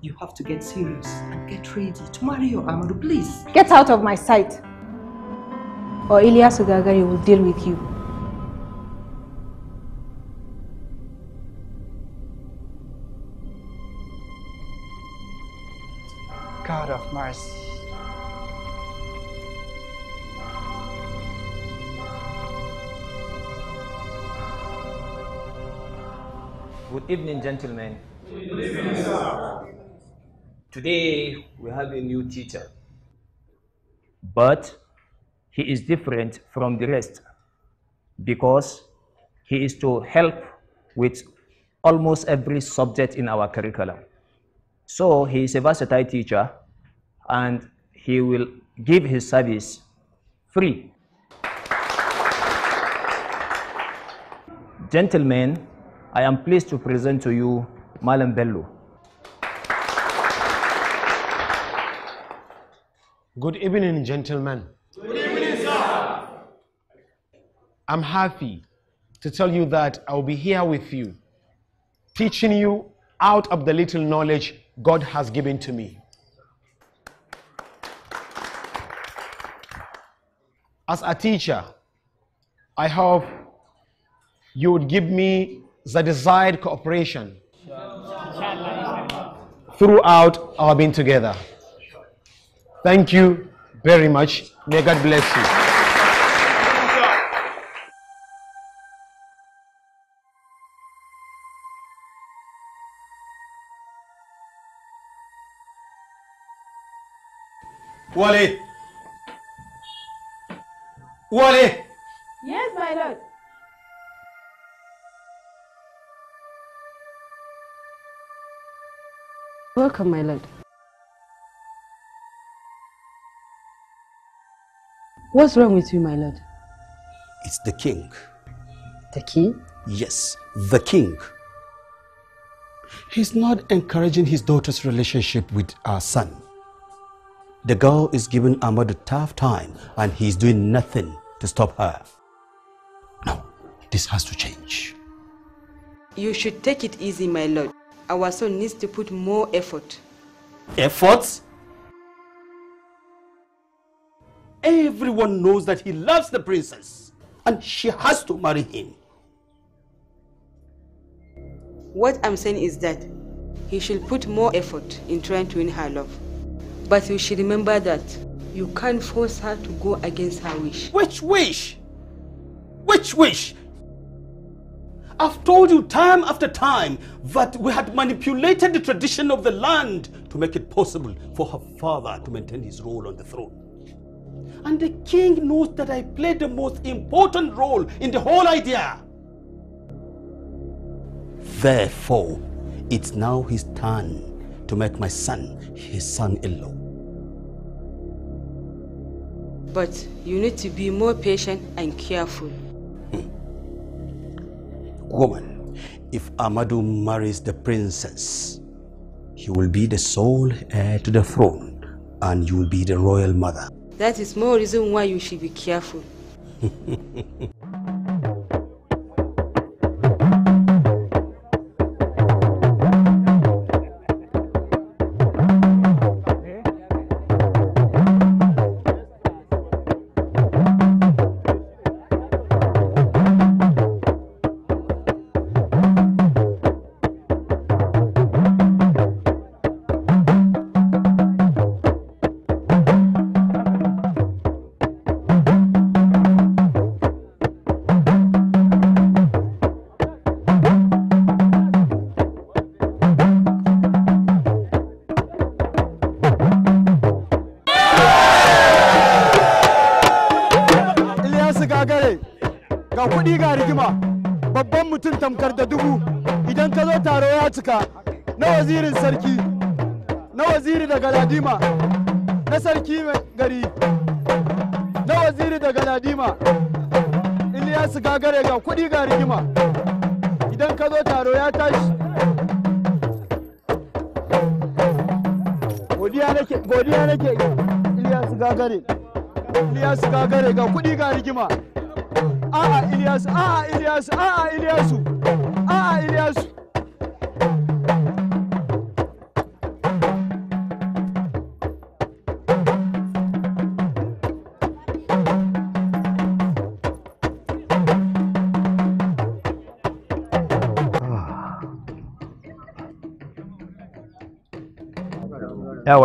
you have to get serious and get ready to marry your Amadu, please. Get out of my sight. Or Ilya Sugagari will deal with you. Mars. Good evening, gentlemen. Good evening, sir. Today we have a new teacher, but he is different from the rest because he is to help with almost every subject in our curriculum. So he is a versatile teacher and he will give his service free. Gentlemen, I am pleased to present to you Malam Bello. Good evening, gentlemen. Good evening, sir. I'm happy to tell you that I'll be here with you, teaching you out of the little knowledge God has given to me. As a teacher, I hope you would give me the desired cooperation throughout our being together. Thank you very much. May God bless you. Wally. Wale! Yes, my lord. Welcome, my lord. What's wrong with you, my lord? It's the king. The king? Yes, the king. He's not encouraging his daughter's relationship with our son. The girl is giving Ahmad a tough time and he's doing nothing to stop her. No, this has to change. You should take it easy, my lord. Our son needs to put more effort. Effort? Everyone knows that he loves the princess and she has to marry him. What I'm saying is that he should put more effort in trying to win her love. But you should remember that you can't force her to go against her wish. Which wish? Which wish? I've told you time after time that we had manipulated the tradition of the land to make it possible for her father to maintain his role on the throne. And the king knows that I played the most important role in the whole idea. Therefore, it's now his turn to make my son his son in law. But you need to be more patient and careful. Hmm. Woman, if Amadou marries the princess, he will be the sole heir to the throne and you will be the royal mother. That is more reason why you should be careful. (laughs)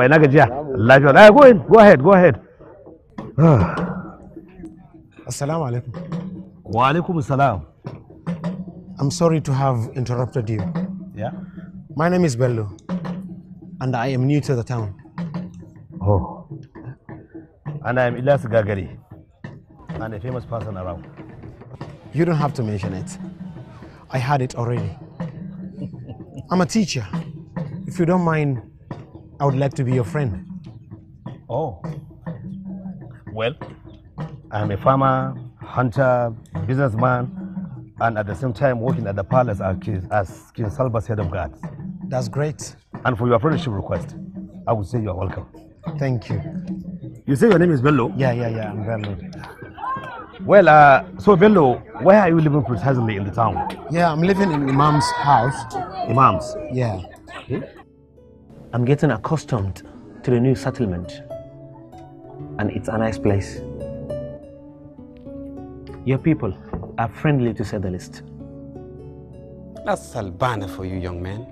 ina gajiya go in go ahead go ahead (sighs) assalamu alaikum wa alaikum assalam i'm sorry to have interrupted you yeah my name is bello and i am new to the town oh and i am ilas gagari and a famous person around you don't have to mention it i had it already i'm a teacher if you don't mind I would like to be your friend. Oh. Well, I'm a farmer, hunter, businessman, and at the same time working at the palace as King Salva's head of guards. That's great. And for your friendship request, I would say you are welcome. Thank you. You say your name is Bello? Yeah, yeah, yeah, I'm Bello. Well, uh, so Bello, where are you living precisely in the town? Yeah, I'm living in Imam's house. Imam's? Yeah. I'm getting accustomed to the new settlement, and it's a nice place. Your people are friendly to say the least. That's Albana for you, young man.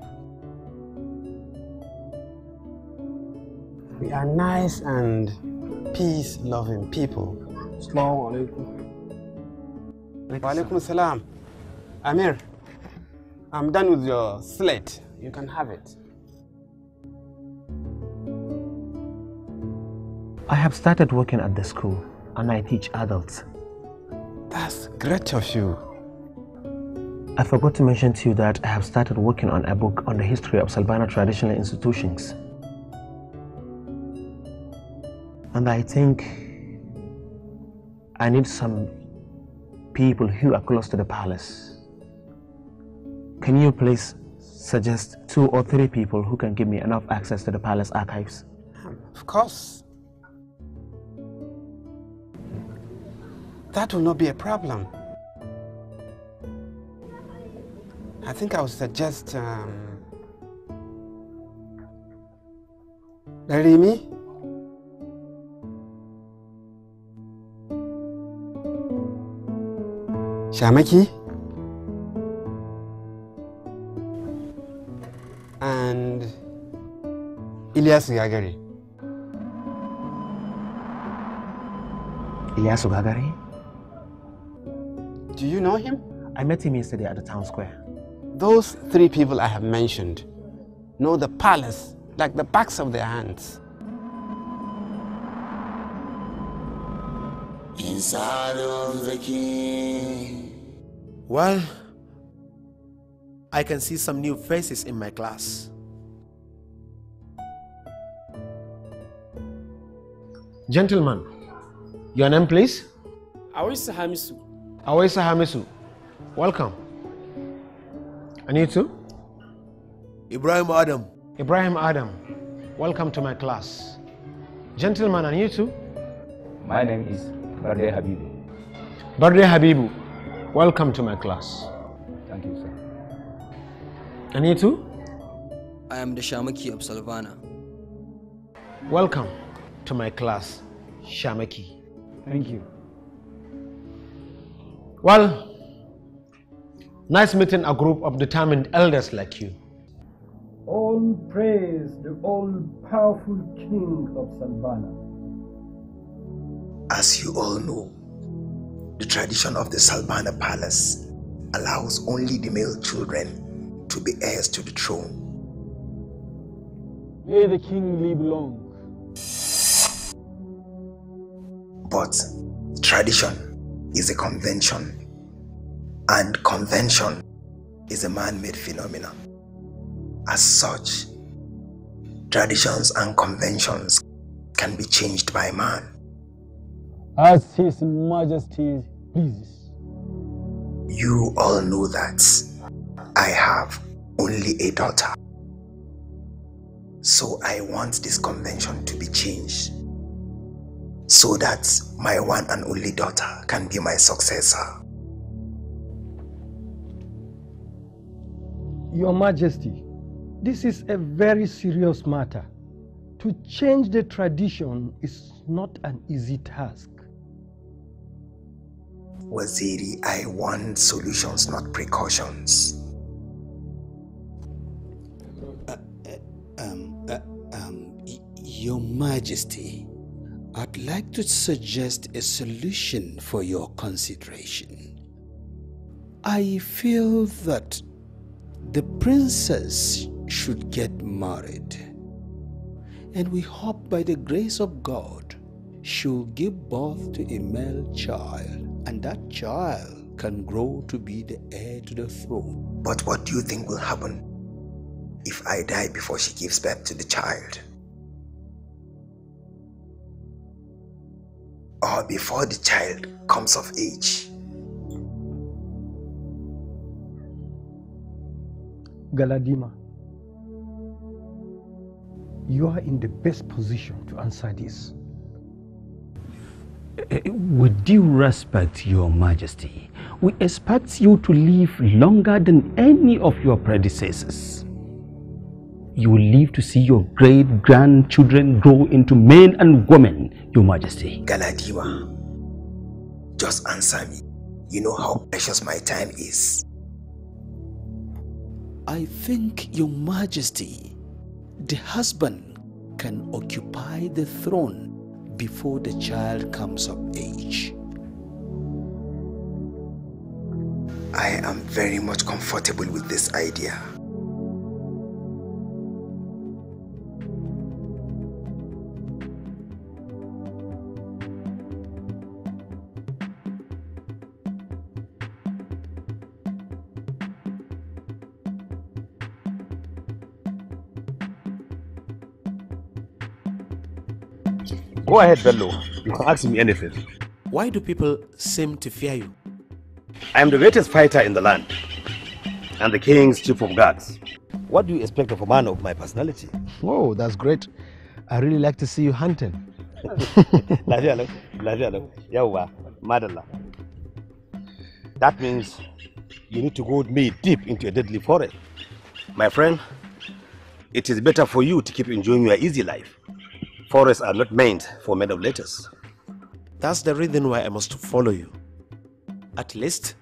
We are nice and peace-loving people. Assalamu alaikum. Wa alaikum salam. Amir, I'm done with your slate. You can have it. I have started working at the school and I teach adults. That's great of you. I forgot to mention to you that I have started working on a book on the history of Salbana traditional institutions. And I think I need some people who are close to the palace. Can you please suggest two or three people who can give me enough access to the palace archives? Of course. that will not be a problem. I think I would suggest um, Shamaki and Ilyas Gagari. Ilyas Gagari? Do you know him? I met him yesterday at the town square. Those three people I have mentioned know the palace like the backs of their hands. Inside of the king. Well, I can see some new faces in my class. Gentlemen, your name please? wish Hamisu. Awaisa Hamisu, welcome. And you too? Ibrahim Adam. Ibrahim Adam, welcome to my class. gentleman and you too? My name is Barde Habibu. Barde Habibu, welcome to my class. Thank you, sir. And you too? I am dashamaki Shamaki of Salvana. Welcome to my class, Shamaki. Thank you. Well, nice meeting a group of determined elders like you. All praise the all-powerful King of Salbana. As you all know, the tradition of the Salbana Palace allows only the male children to be heirs to the throne. May the king live long. But tradition is a convention. And convention is a man-made phenomenon. As such, traditions and conventions can be changed by man. As His Majesty pleases. You all know that I have only a daughter. So I want this convention to be changed so that my one and only daughter can be my successor. Your Majesty, this is a very serious matter. To change the tradition is not an easy task. Waziri, I want solutions, not precautions. Uh, uh, um, uh, um, Your Majesty, I'd like to suggest a solution for your consideration. I feel that the princess should get married. And we hope by the grace of God, she'll give birth to a male child, and that child can grow to be the heir to the throne. But what do you think will happen if I die before she gives birth to the child? or before the child comes of age. Galadima, you are in the best position to answer this. Eh, eh, with due respect, Your Majesty, we expect you to live longer than any of your predecessors you will live to see your great grandchildren grow into men and women, Your Majesty. Galadiwa, just answer me. You know how precious my time is. I think, Your Majesty, the husband can occupy the throne before the child comes of age. I am very much comfortable with this idea. Go ahead, Bello. You can ask me anything. Why do people seem to fear you? I am the greatest fighter in the land and the king's chief of guards. What do you expect of a man of my personality? Oh, that's great. I really like to see you hunting. (laughs) that means you need to go with me deep into a deadly forest. My friend, it is better for you to keep enjoying your easy life Forests are not meant for men of letters. That's the reason why I must follow you. At least,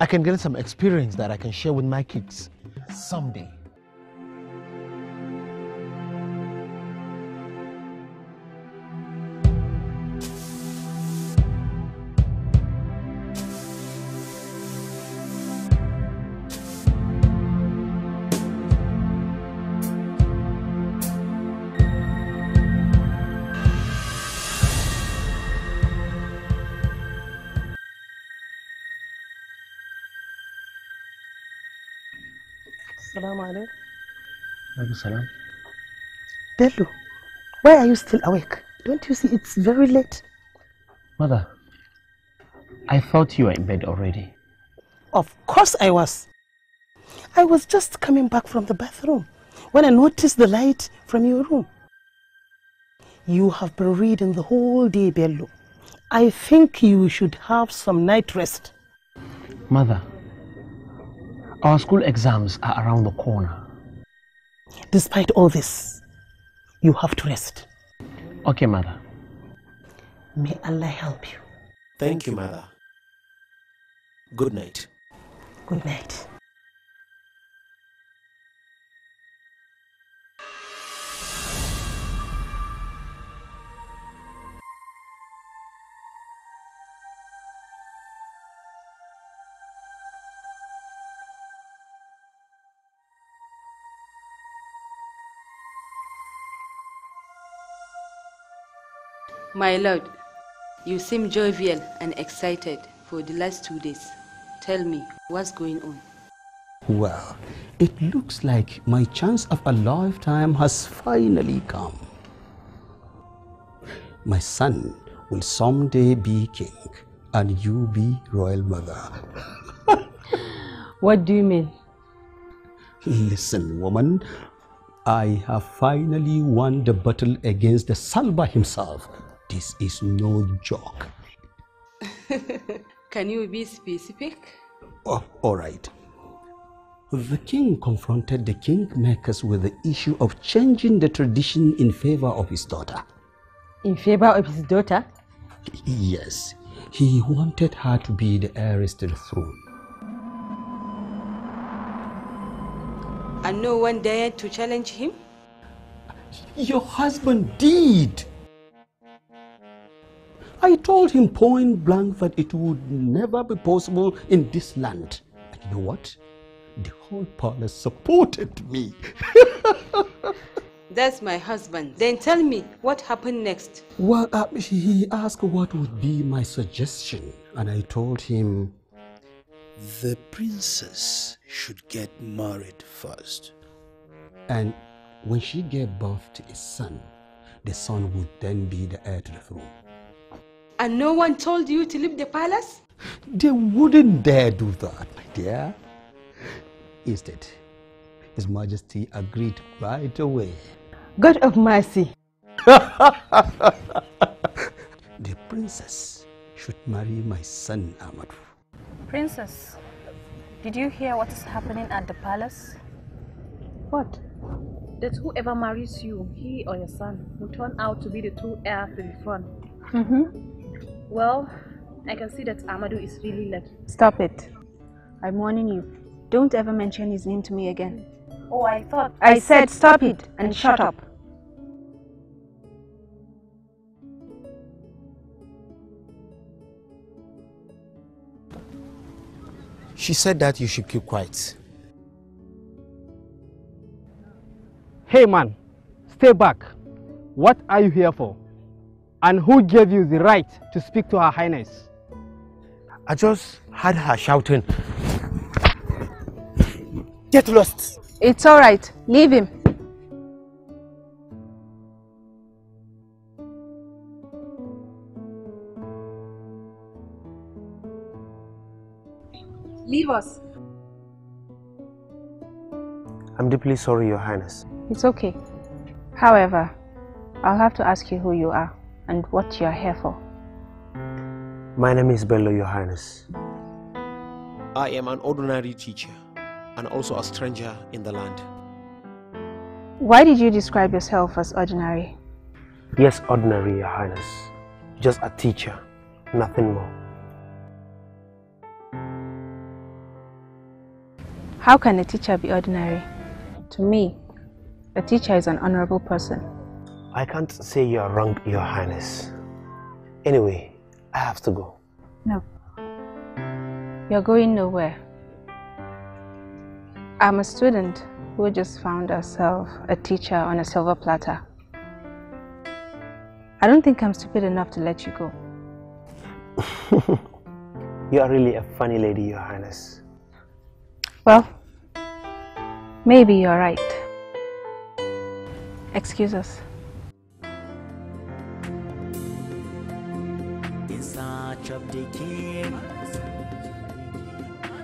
I can gain some experience that I can share with my kids someday. salam. Bello, why are you still awake? Don't you see it's very late? Mother, I thought you were in bed already. Of course I was. I was just coming back from the bathroom when I noticed the light from your room. You have been reading the whole day, Bello. I think you should have some night rest. Mother, our school exams are around the corner. Despite all this, you have to rest. Okay, mother. May Allah help you. Thank you, mother. Good night. Good night. My lord, you seem jovial and excited for the last two days. Tell me, what's going on? Well, it looks like my chance of a lifetime has finally come. My son will someday be king and you be royal mother. what do you mean? Listen, woman, I have finally won the battle against the Salva himself. This is no joke. (laughs) Can you be specific? Oh, all right. The king confronted the kingmakers with the issue of changing the tradition in favor of his daughter. In favor of his daughter? Yes. He wanted her to be the heiress to the throne. And no one dared to challenge him? Your husband did. I told him point blank that it would never be possible in this land. And you know what? The whole palace supported me. (laughs) That's my husband. Then tell me what happened next. Well, uh, he asked what would be my suggestion, and I told him the princess should get married first. And when she gave birth to a son, the son would then be the heir to the throne. And no one told you to leave the palace? They wouldn't dare do that, my dear. Instead, His Majesty agreed right away. God of mercy. (laughs) the princess should marry my son, Amadu. Princess, did you hear what is happening at the palace? What? That whoever marries you, he or your son, will turn out to be the true heir to the throne. Mm-hmm. Well, I can see that Amadou is really lucky. Stop it. I'm warning you. Don't ever mention his name to me again. Oh, I thought... I, I said stop it and shut up. She said that you should keep quiet. Hey man, stay back. What are you here for? And who gave you the right to speak to Her Highness? I just heard her shouting. Get lost. It's all right. Leave him. Leave us. I'm deeply sorry, Your Highness. It's okay. However, I'll have to ask you who you are and what you are here for. My name is Bello Johannes. I am an ordinary teacher and also a stranger in the land. Why did you describe yourself as ordinary? Yes, ordinary, Your Highness. Just a teacher, nothing more. How can a teacher be ordinary? To me, a teacher is an honorable person. I can't say you are wrong, Your Highness. Anyway, I have to go. No. You're going nowhere. I'm a student who just found herself a teacher on a silver platter. I don't think I'm stupid enough to let you go. (laughs) you are really a funny lady, Your Highness. Well, maybe you're right. Excuse us. search of the king.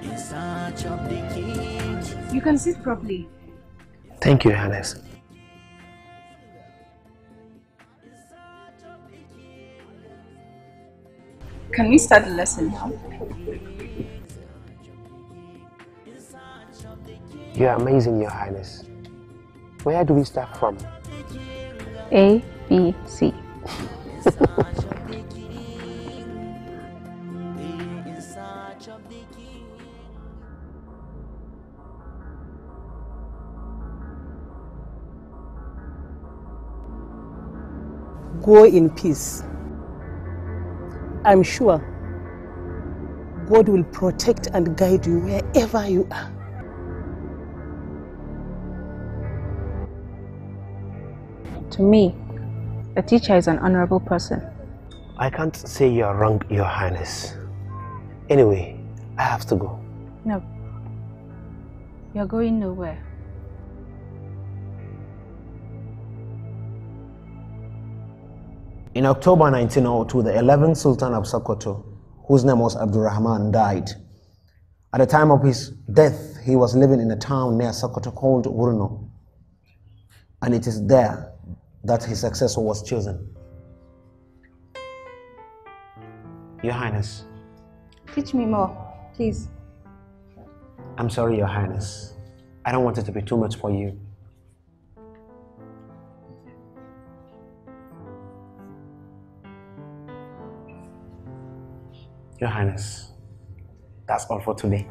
In search of the king. You can sit properly. Thank you, Hannes. Can we start the lesson now? You are amazing, Your Highness. Where do we start from? A, B, C. (laughs) go in peace. I'm sure God will protect and guide you wherever you are. To me, a teacher is an honorable person. I can't say you're wrong, Your Highness. Anyway, I have to go. No. You're going nowhere. In October 1902, the 11th Sultan of Sokoto, whose name was Abdurrahman, died. At the time of his death, he was living in a town near Sokoto called Uruno. and it is there that his successor was chosen. Your Highness. Teach me more, please. I'm sorry, Your Highness. I don't want it to be too much for you. Your Highness, That's all for today.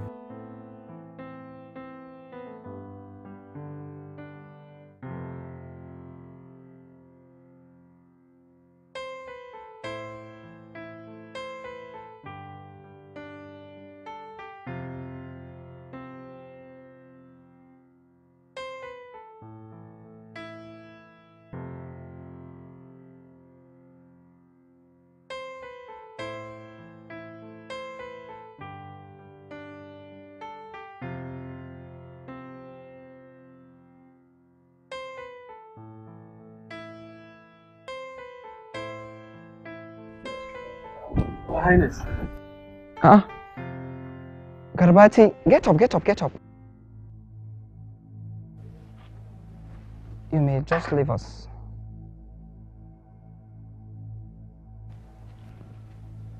Arbati, get up, get up, get up. You may just leave us.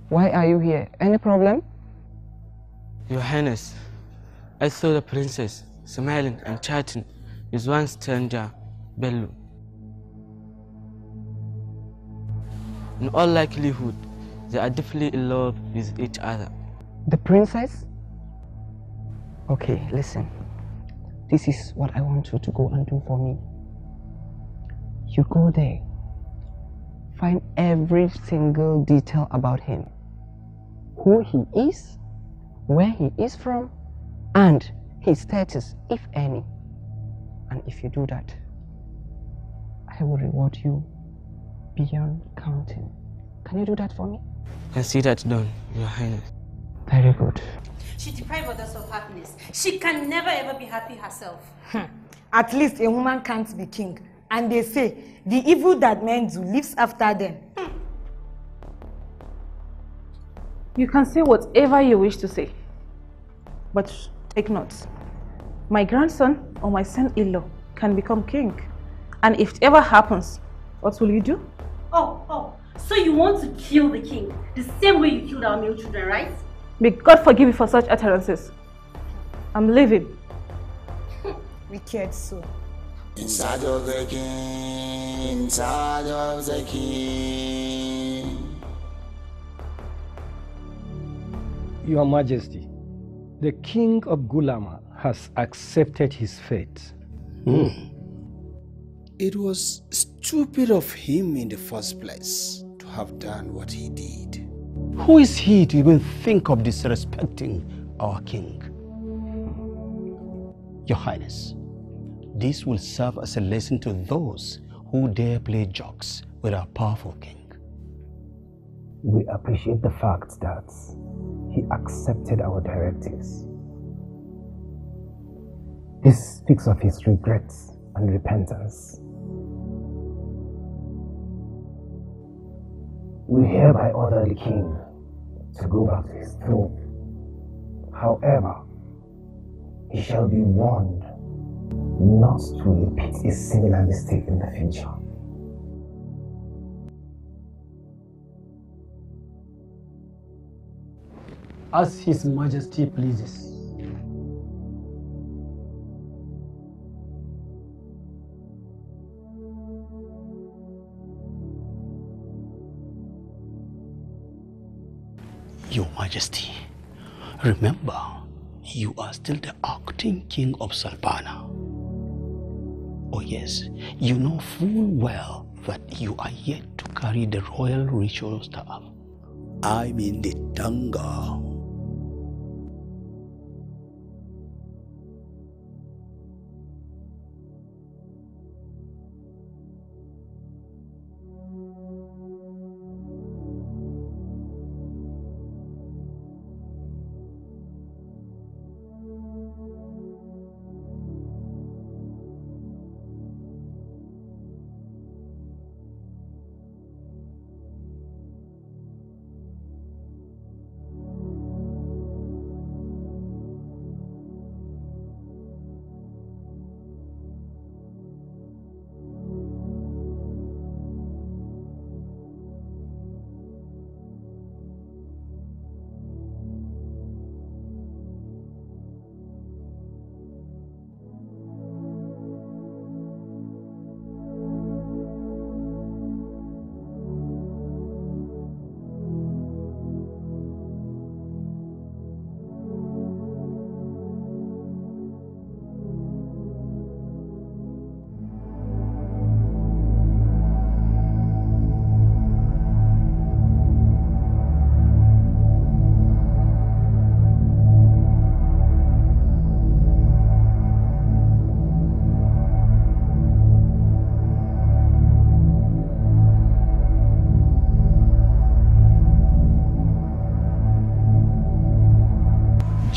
Why are you here? Any problem? Your Highness, I saw the princess smiling and chatting with one stranger, Bello. In all likelihood, they are deeply in love with each other. The princess? Okay, listen. This is what I want you to go and do for me. You go there, find every single detail about him who he is, where he is from, and his status, if any. And if you do that, I will reward you beyond counting. Can you do that for me? I see that done, Your Highness. Very good. She deprives others of happiness. She can never ever be happy herself. Hmm. At least a woman can't be king. And they say, the evil that men do lives after them. Hmm. You can say whatever you wish to say. But take note. My grandson or my son-in-law can become king. And if it ever happens, what will you do? Oh, oh, so you want to kill the king the same way you killed our male children, right? May God forgive you for such utterances. I'm leaving. (laughs) Wicked soul. Inside of the king, inside of the king. Your Majesty, the king of Gulama has accepted his fate. Mm. It was stupid of him in the first place to have done what he did. Who is he to even think of disrespecting our king? Your Highness, this will serve as a lesson to those who dare play jokes with our powerful king. We appreciate the fact that he accepted our directives. This speaks of his regrets and repentance. We hereby order the king to go back to his throne. However, he shall be warned not to repeat a similar mistake in the future. As His Majesty pleases. Your Majesty, remember, you are still the acting king of Salbana. Oh yes, you know full well that you are yet to carry the royal ritual staff. I am in the tango.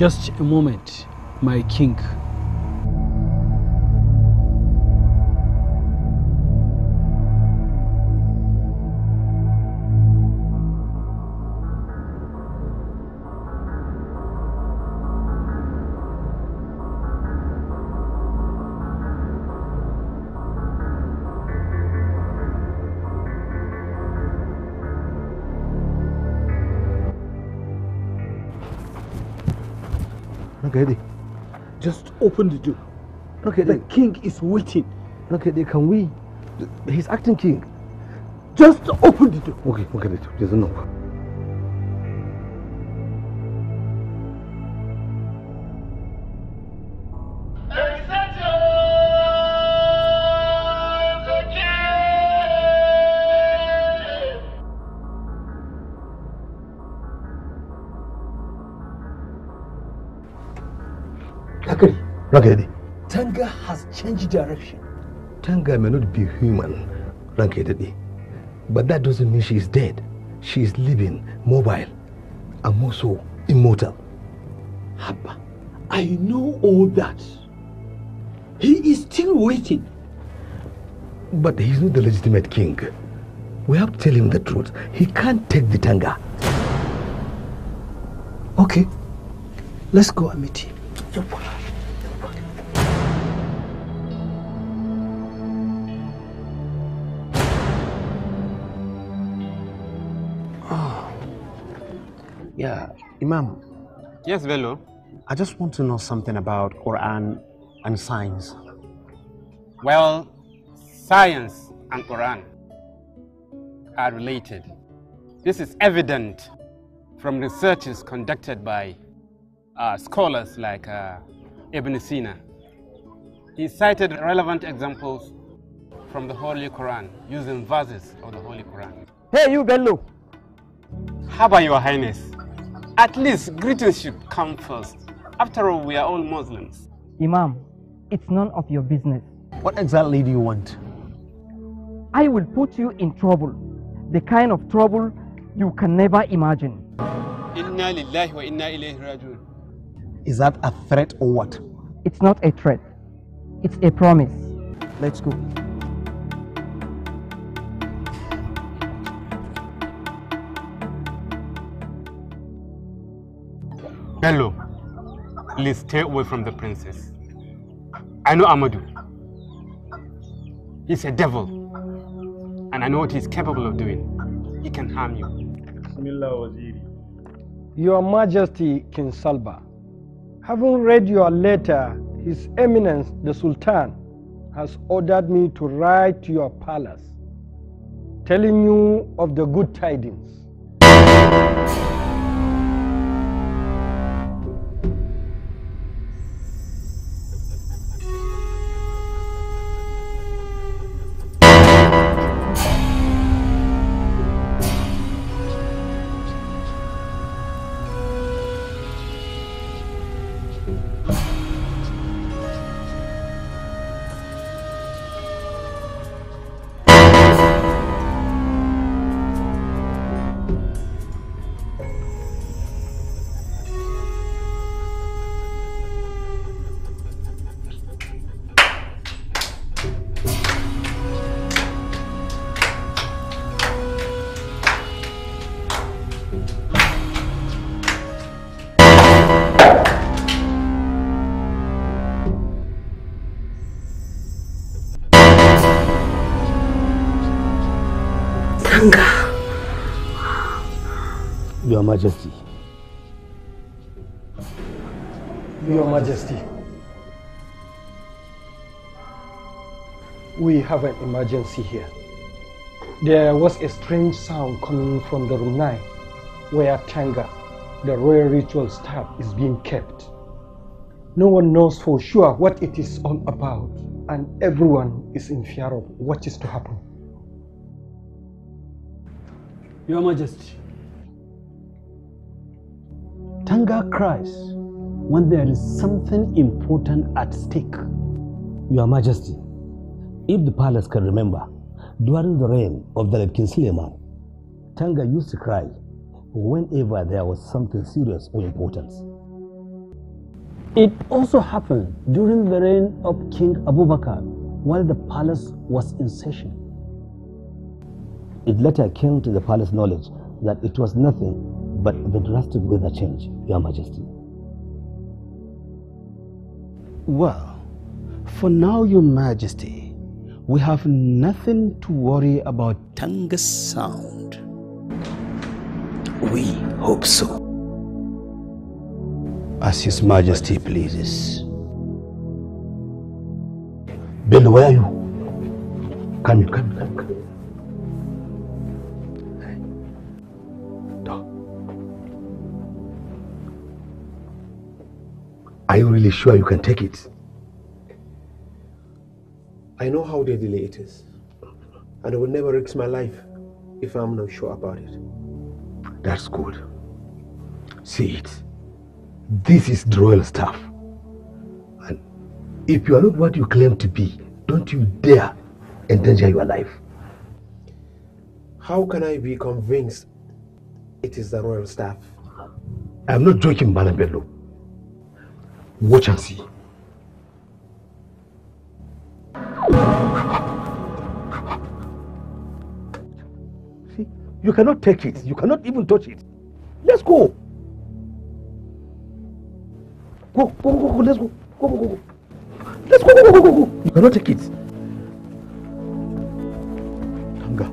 Just a moment, my king. open the door. Okay, the king is waiting. Okay, they can we? He's acting king. Just open the door. Okay, okay, there's a knock. Rankedi. Tanga has changed direction. Tanga may not be human, Rankedi. But that doesn't mean she is dead. She is living, mobile, and also immortal. Abba, I know all that. He is still waiting. But he's not the legitimate king. We have to tell him the truth. He can't take the Tanga. Okay. Let's go and meet him. Yeah, uh, Imam. Yes, Bello. I just want to know something about Quran and science. Well, science and Quran are related. This is evident from researches conducted by uh, scholars like uh, Ibn Sina. He cited relevant examples from the Holy Quran using verses of the Holy Quran. Hey, you Bello! How about your Highness? At least greetings should come first. After all, we are all Muslims. Imam, it's none of your business. What exactly do you want? I will put you in trouble. The kind of trouble you can never imagine. Inna lillahi wa inna ilayhi Is that a threat or what? It's not a threat. It's a promise. Let's go. Bello, please stay away from the princess. I know Amadou. He's a devil. And I know what he's capable of doing. He can harm you. Your Majesty King Salba, having read your letter, His Eminence the Sultan has ordered me to write to your palace, telling you of the good tidings. Your Majesty. Your Majesty. We have an emergency here. There was a strange sound coming from the room 9 where Tanga, the royal ritual staff, is being kept. No one knows for sure what it is all about and everyone is in fear of what is to happen. Your Majesty, Tanga cries when there is something important at stake. Your Majesty, if the palace can remember, during the reign of the late King Suleiman, Tanga used to cry whenever there was something serious or important. It also happened during the reign of King Abu Bakr, while the palace was in session. It later came to the palace knowledge that it was nothing but the drastic weather change, Your Majesty. Well, for now, Your Majesty, we have nothing to worry about Tungus Sound. We hope so. As His Majesty pleases. Bill, where are you? Come, come, come, come. Are you really sure you can take it? I know how deadly it is. And I will never risk my life if I'm not sure about it. That's good. See it. This is royal staff. And if you are not what you claim to be, don't you dare endanger your life. How can I be convinced it is the royal staff? I'm not joking, Malam Watch and see. See, you cannot take it. You cannot even touch it. Let's go. Go, go, go, go, let's go. Go, go, go, go. Let's go, go, go, go, go. You cannot take it. Tanga.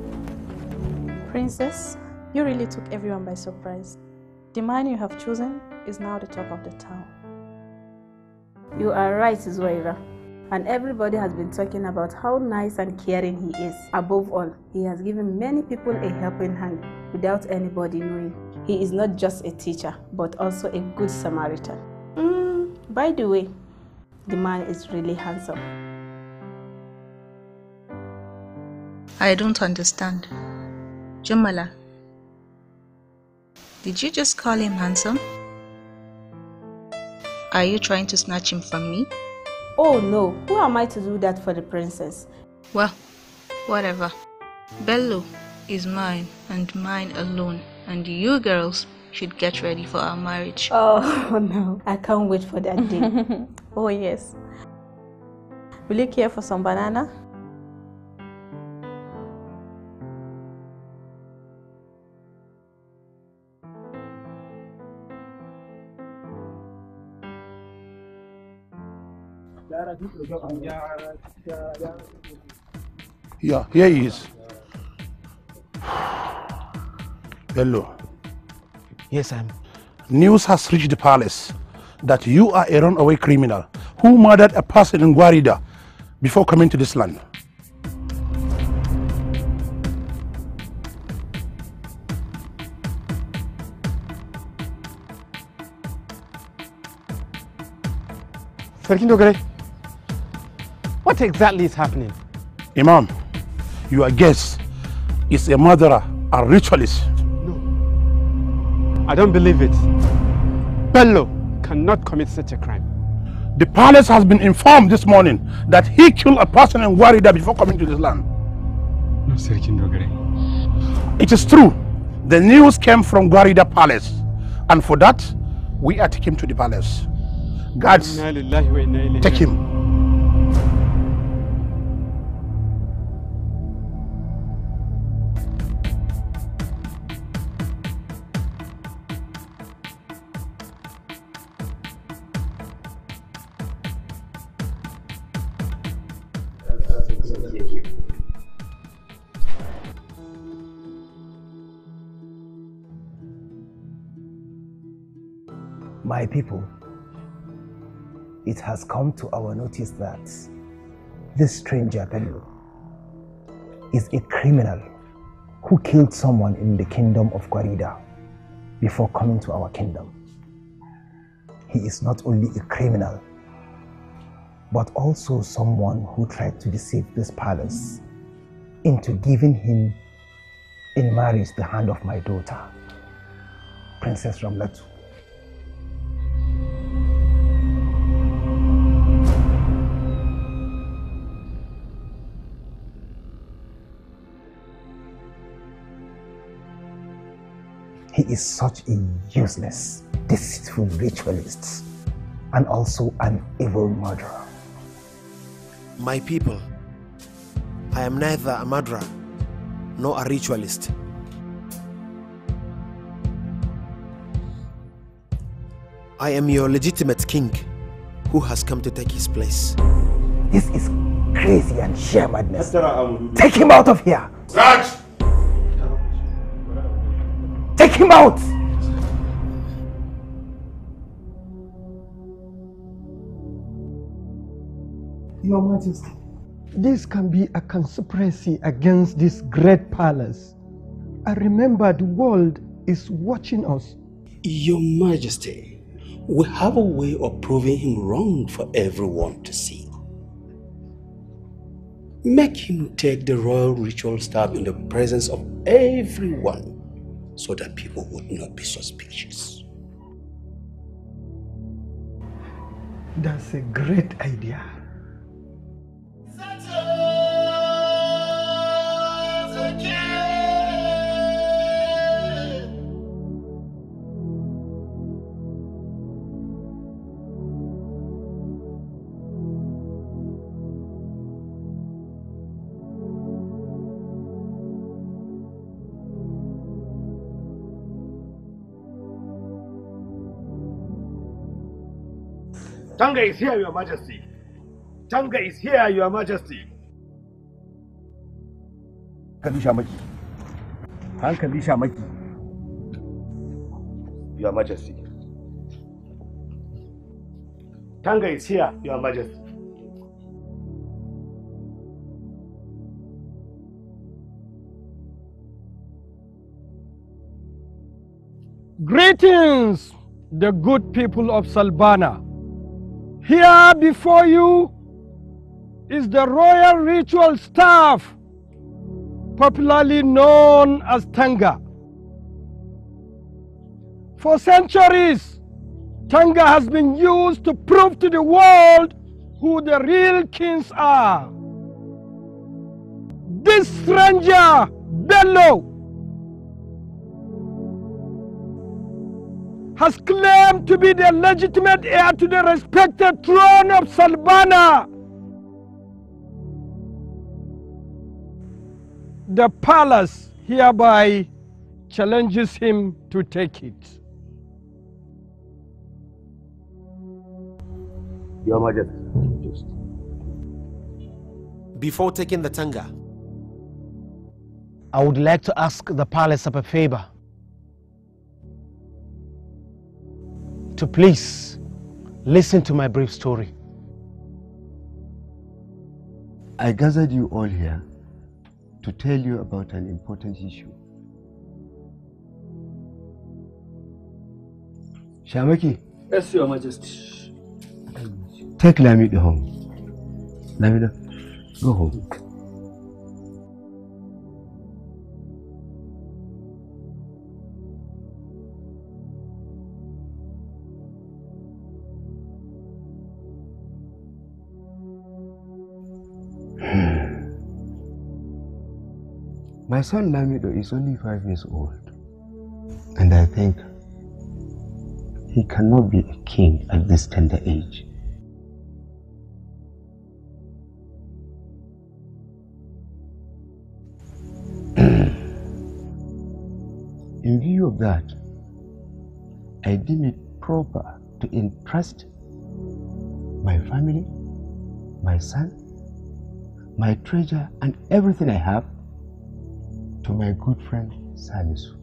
Princess, you really took everyone by surprise. The man you have chosen is now the top of the town. You are right, Zuaira. And everybody has been talking about how nice and caring he is. Above all, he has given many people a helping hand without anybody knowing. He is not just a teacher, but also a good Samaritan. Mm, by the way, the man is really handsome. I don't understand. Jamala, did you just call him handsome? Are you trying to snatch him from me? Oh no, who am I to do that for the princess? Well, whatever. Bello is mine and mine alone, and you girls should get ready for our marriage. (laughs) Oh no, I can't wait for that day. (laughs) oh yes. Will you care for some banana? Yeah, here he is. Hello. Yes, I'm. News has reached the palace that you are a runaway criminal who murdered a person in Guarida before coming to this land. Sarkin Dogare what exactly is happening? Imam, you are guest is a murderer, a ritualist. No, I don't believe it. Bello cannot commit such a crime. The palace has been informed this morning that he killed a person in Warida before coming to this land. No, Sir Kindogre. It is true. The news came from Warida Palace. And for that, we are taking him to the palace. Guards, take him. My people, it has come to our notice that this stranger is a criminal who killed someone in the kingdom of Guarida before coming to our kingdom. He is not only a criminal, but also someone who tried to deceive this palace into giving him in marriage the hand of my daughter, Princess Ramlatu. He is such a useless, deceitful ritualist and also an evil murderer. My people, I am neither a murderer nor a ritualist. I am your legitimate king who has come to take his place. This is crazy and sheer madness. Take him out of here! Sarge! Take him out! Your Majesty. This can be a conspiracy against this great palace. I remember the world is watching us. Your Majesty we have a way of proving him wrong for everyone to see. Make him take the royal ritual stab in the presence of everyone so that people would not be suspicious. That's a great idea. Tanga is here, Your Majesty. Tanga is here, Your Majesty. Hankali Shamaki. Hankali Maki. Your Majesty. Tanga is here, Your Majesty. Greetings, the good people of Salbana. Here before you is the royal ritual staff, popularly known as Tanga. For centuries, Tanga has been used to prove to the world who the real kings are. This stranger, Bello, has claimed to be the legitimate heir to the respected throne of Salbana. The palace hereby challenges him to take it. Your Majesty. Before taking the tanga, I would like to ask the palace of a favor. to please listen to my brief story. I gathered you all here to tell you about an important issue. Shamaki. Yes, Your Majesty. Take Lamido home. Lamido, go home. My son Lamido is only five years old. And I think he cannot be a king at this tender age. (clears throat) In view of that, I deem it proper to entrust my family, my son, my treasure, and everything I have to my good friend Salisu.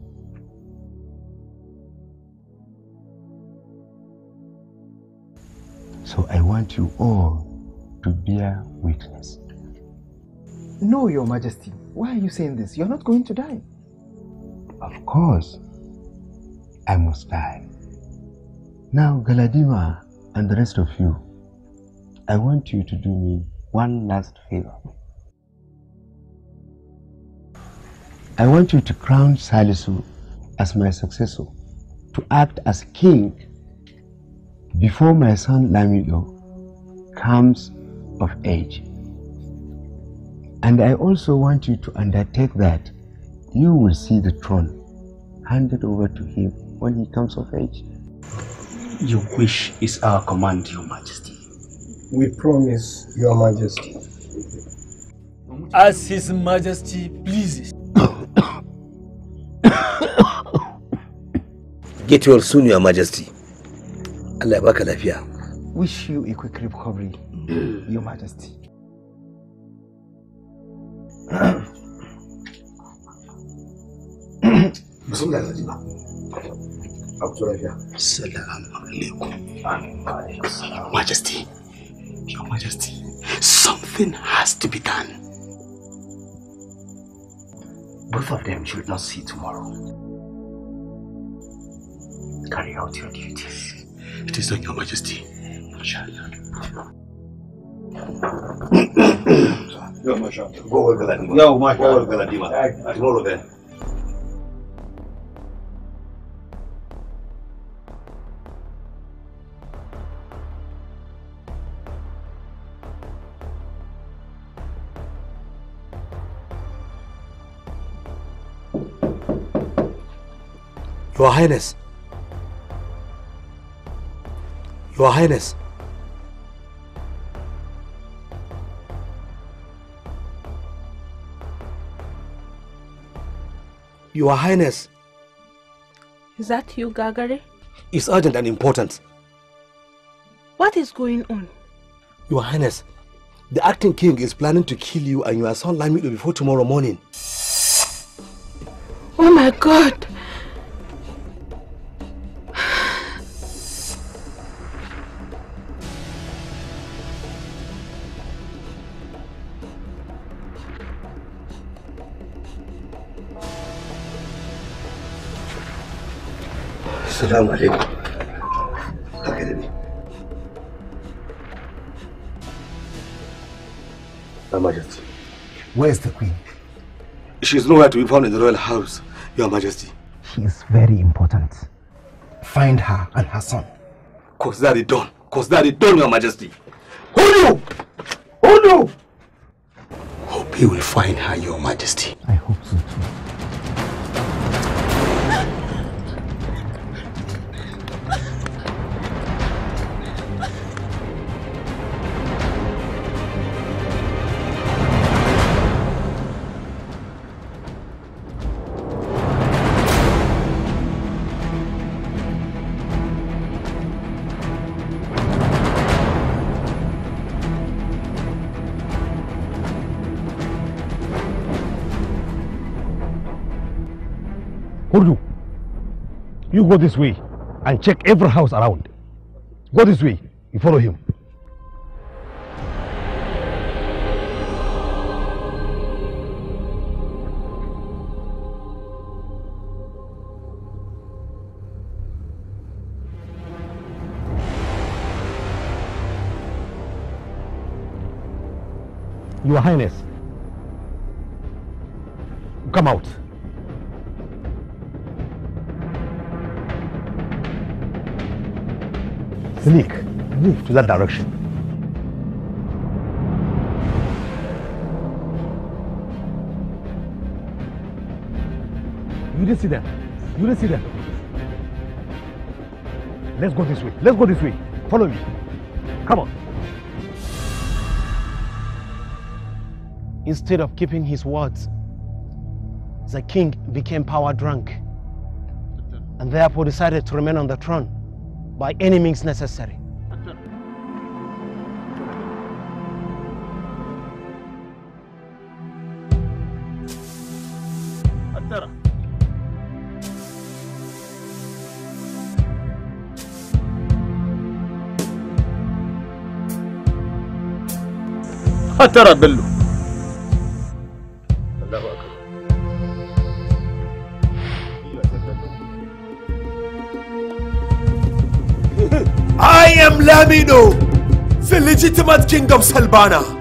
So I want you all to bear witness. No, Your Majesty. Why are you saying this? You're not going to die. Of course. I must die. Now, Galadima and the rest of you, I want you to do me one last favor. I want you to crown Salisu as my successor to act as king before my son Lamido comes of age. And I also want you to undertake that you will see the throne handed over to him when he comes of age. Your wish is our command, Your Majesty. We promise, Your Majesty. As His Majesty pleases. Get well soon, Your Majesty. Allah baka Wish you a quick recovery, mm. Your Majesty. alaikum. Majesty, Your Majesty, something has to be done. Both of them should not see tomorrow. Carry out your duties. It is not your majesty. Your Majesty, Go over there. Yo, Masha. Go over there. Go over there. Your Highness. Your Highness. Your Highness. Is that you, Gagari? It's urgent and important. What is going on? Your Highness, the acting king is planning to kill you and your son Lamido before tomorrow morning. Oh my god! السلام عليكم أكاديمي Your Majesty. Where is the Queen? She is nowhere to be found in the royal house, Your Majesty. She is very important. Find her and her son. Cause it done. Cause it done, Your Majesty. Hold you! Hold you! Hope you will find her, Your Majesty. I hope You go this way and check every house around. Go this way. You follow him. Your Highness, come out. Sneak Move to that direction. You didn't see them. You didn't see them. Let's go this way. Let's go this way. Follow me. Come on. Instead of keeping his words, the king became power drunk and therefore decided to remain on the throne by any means necessary. ترى بلو Amino, the legitimate king of Salbana.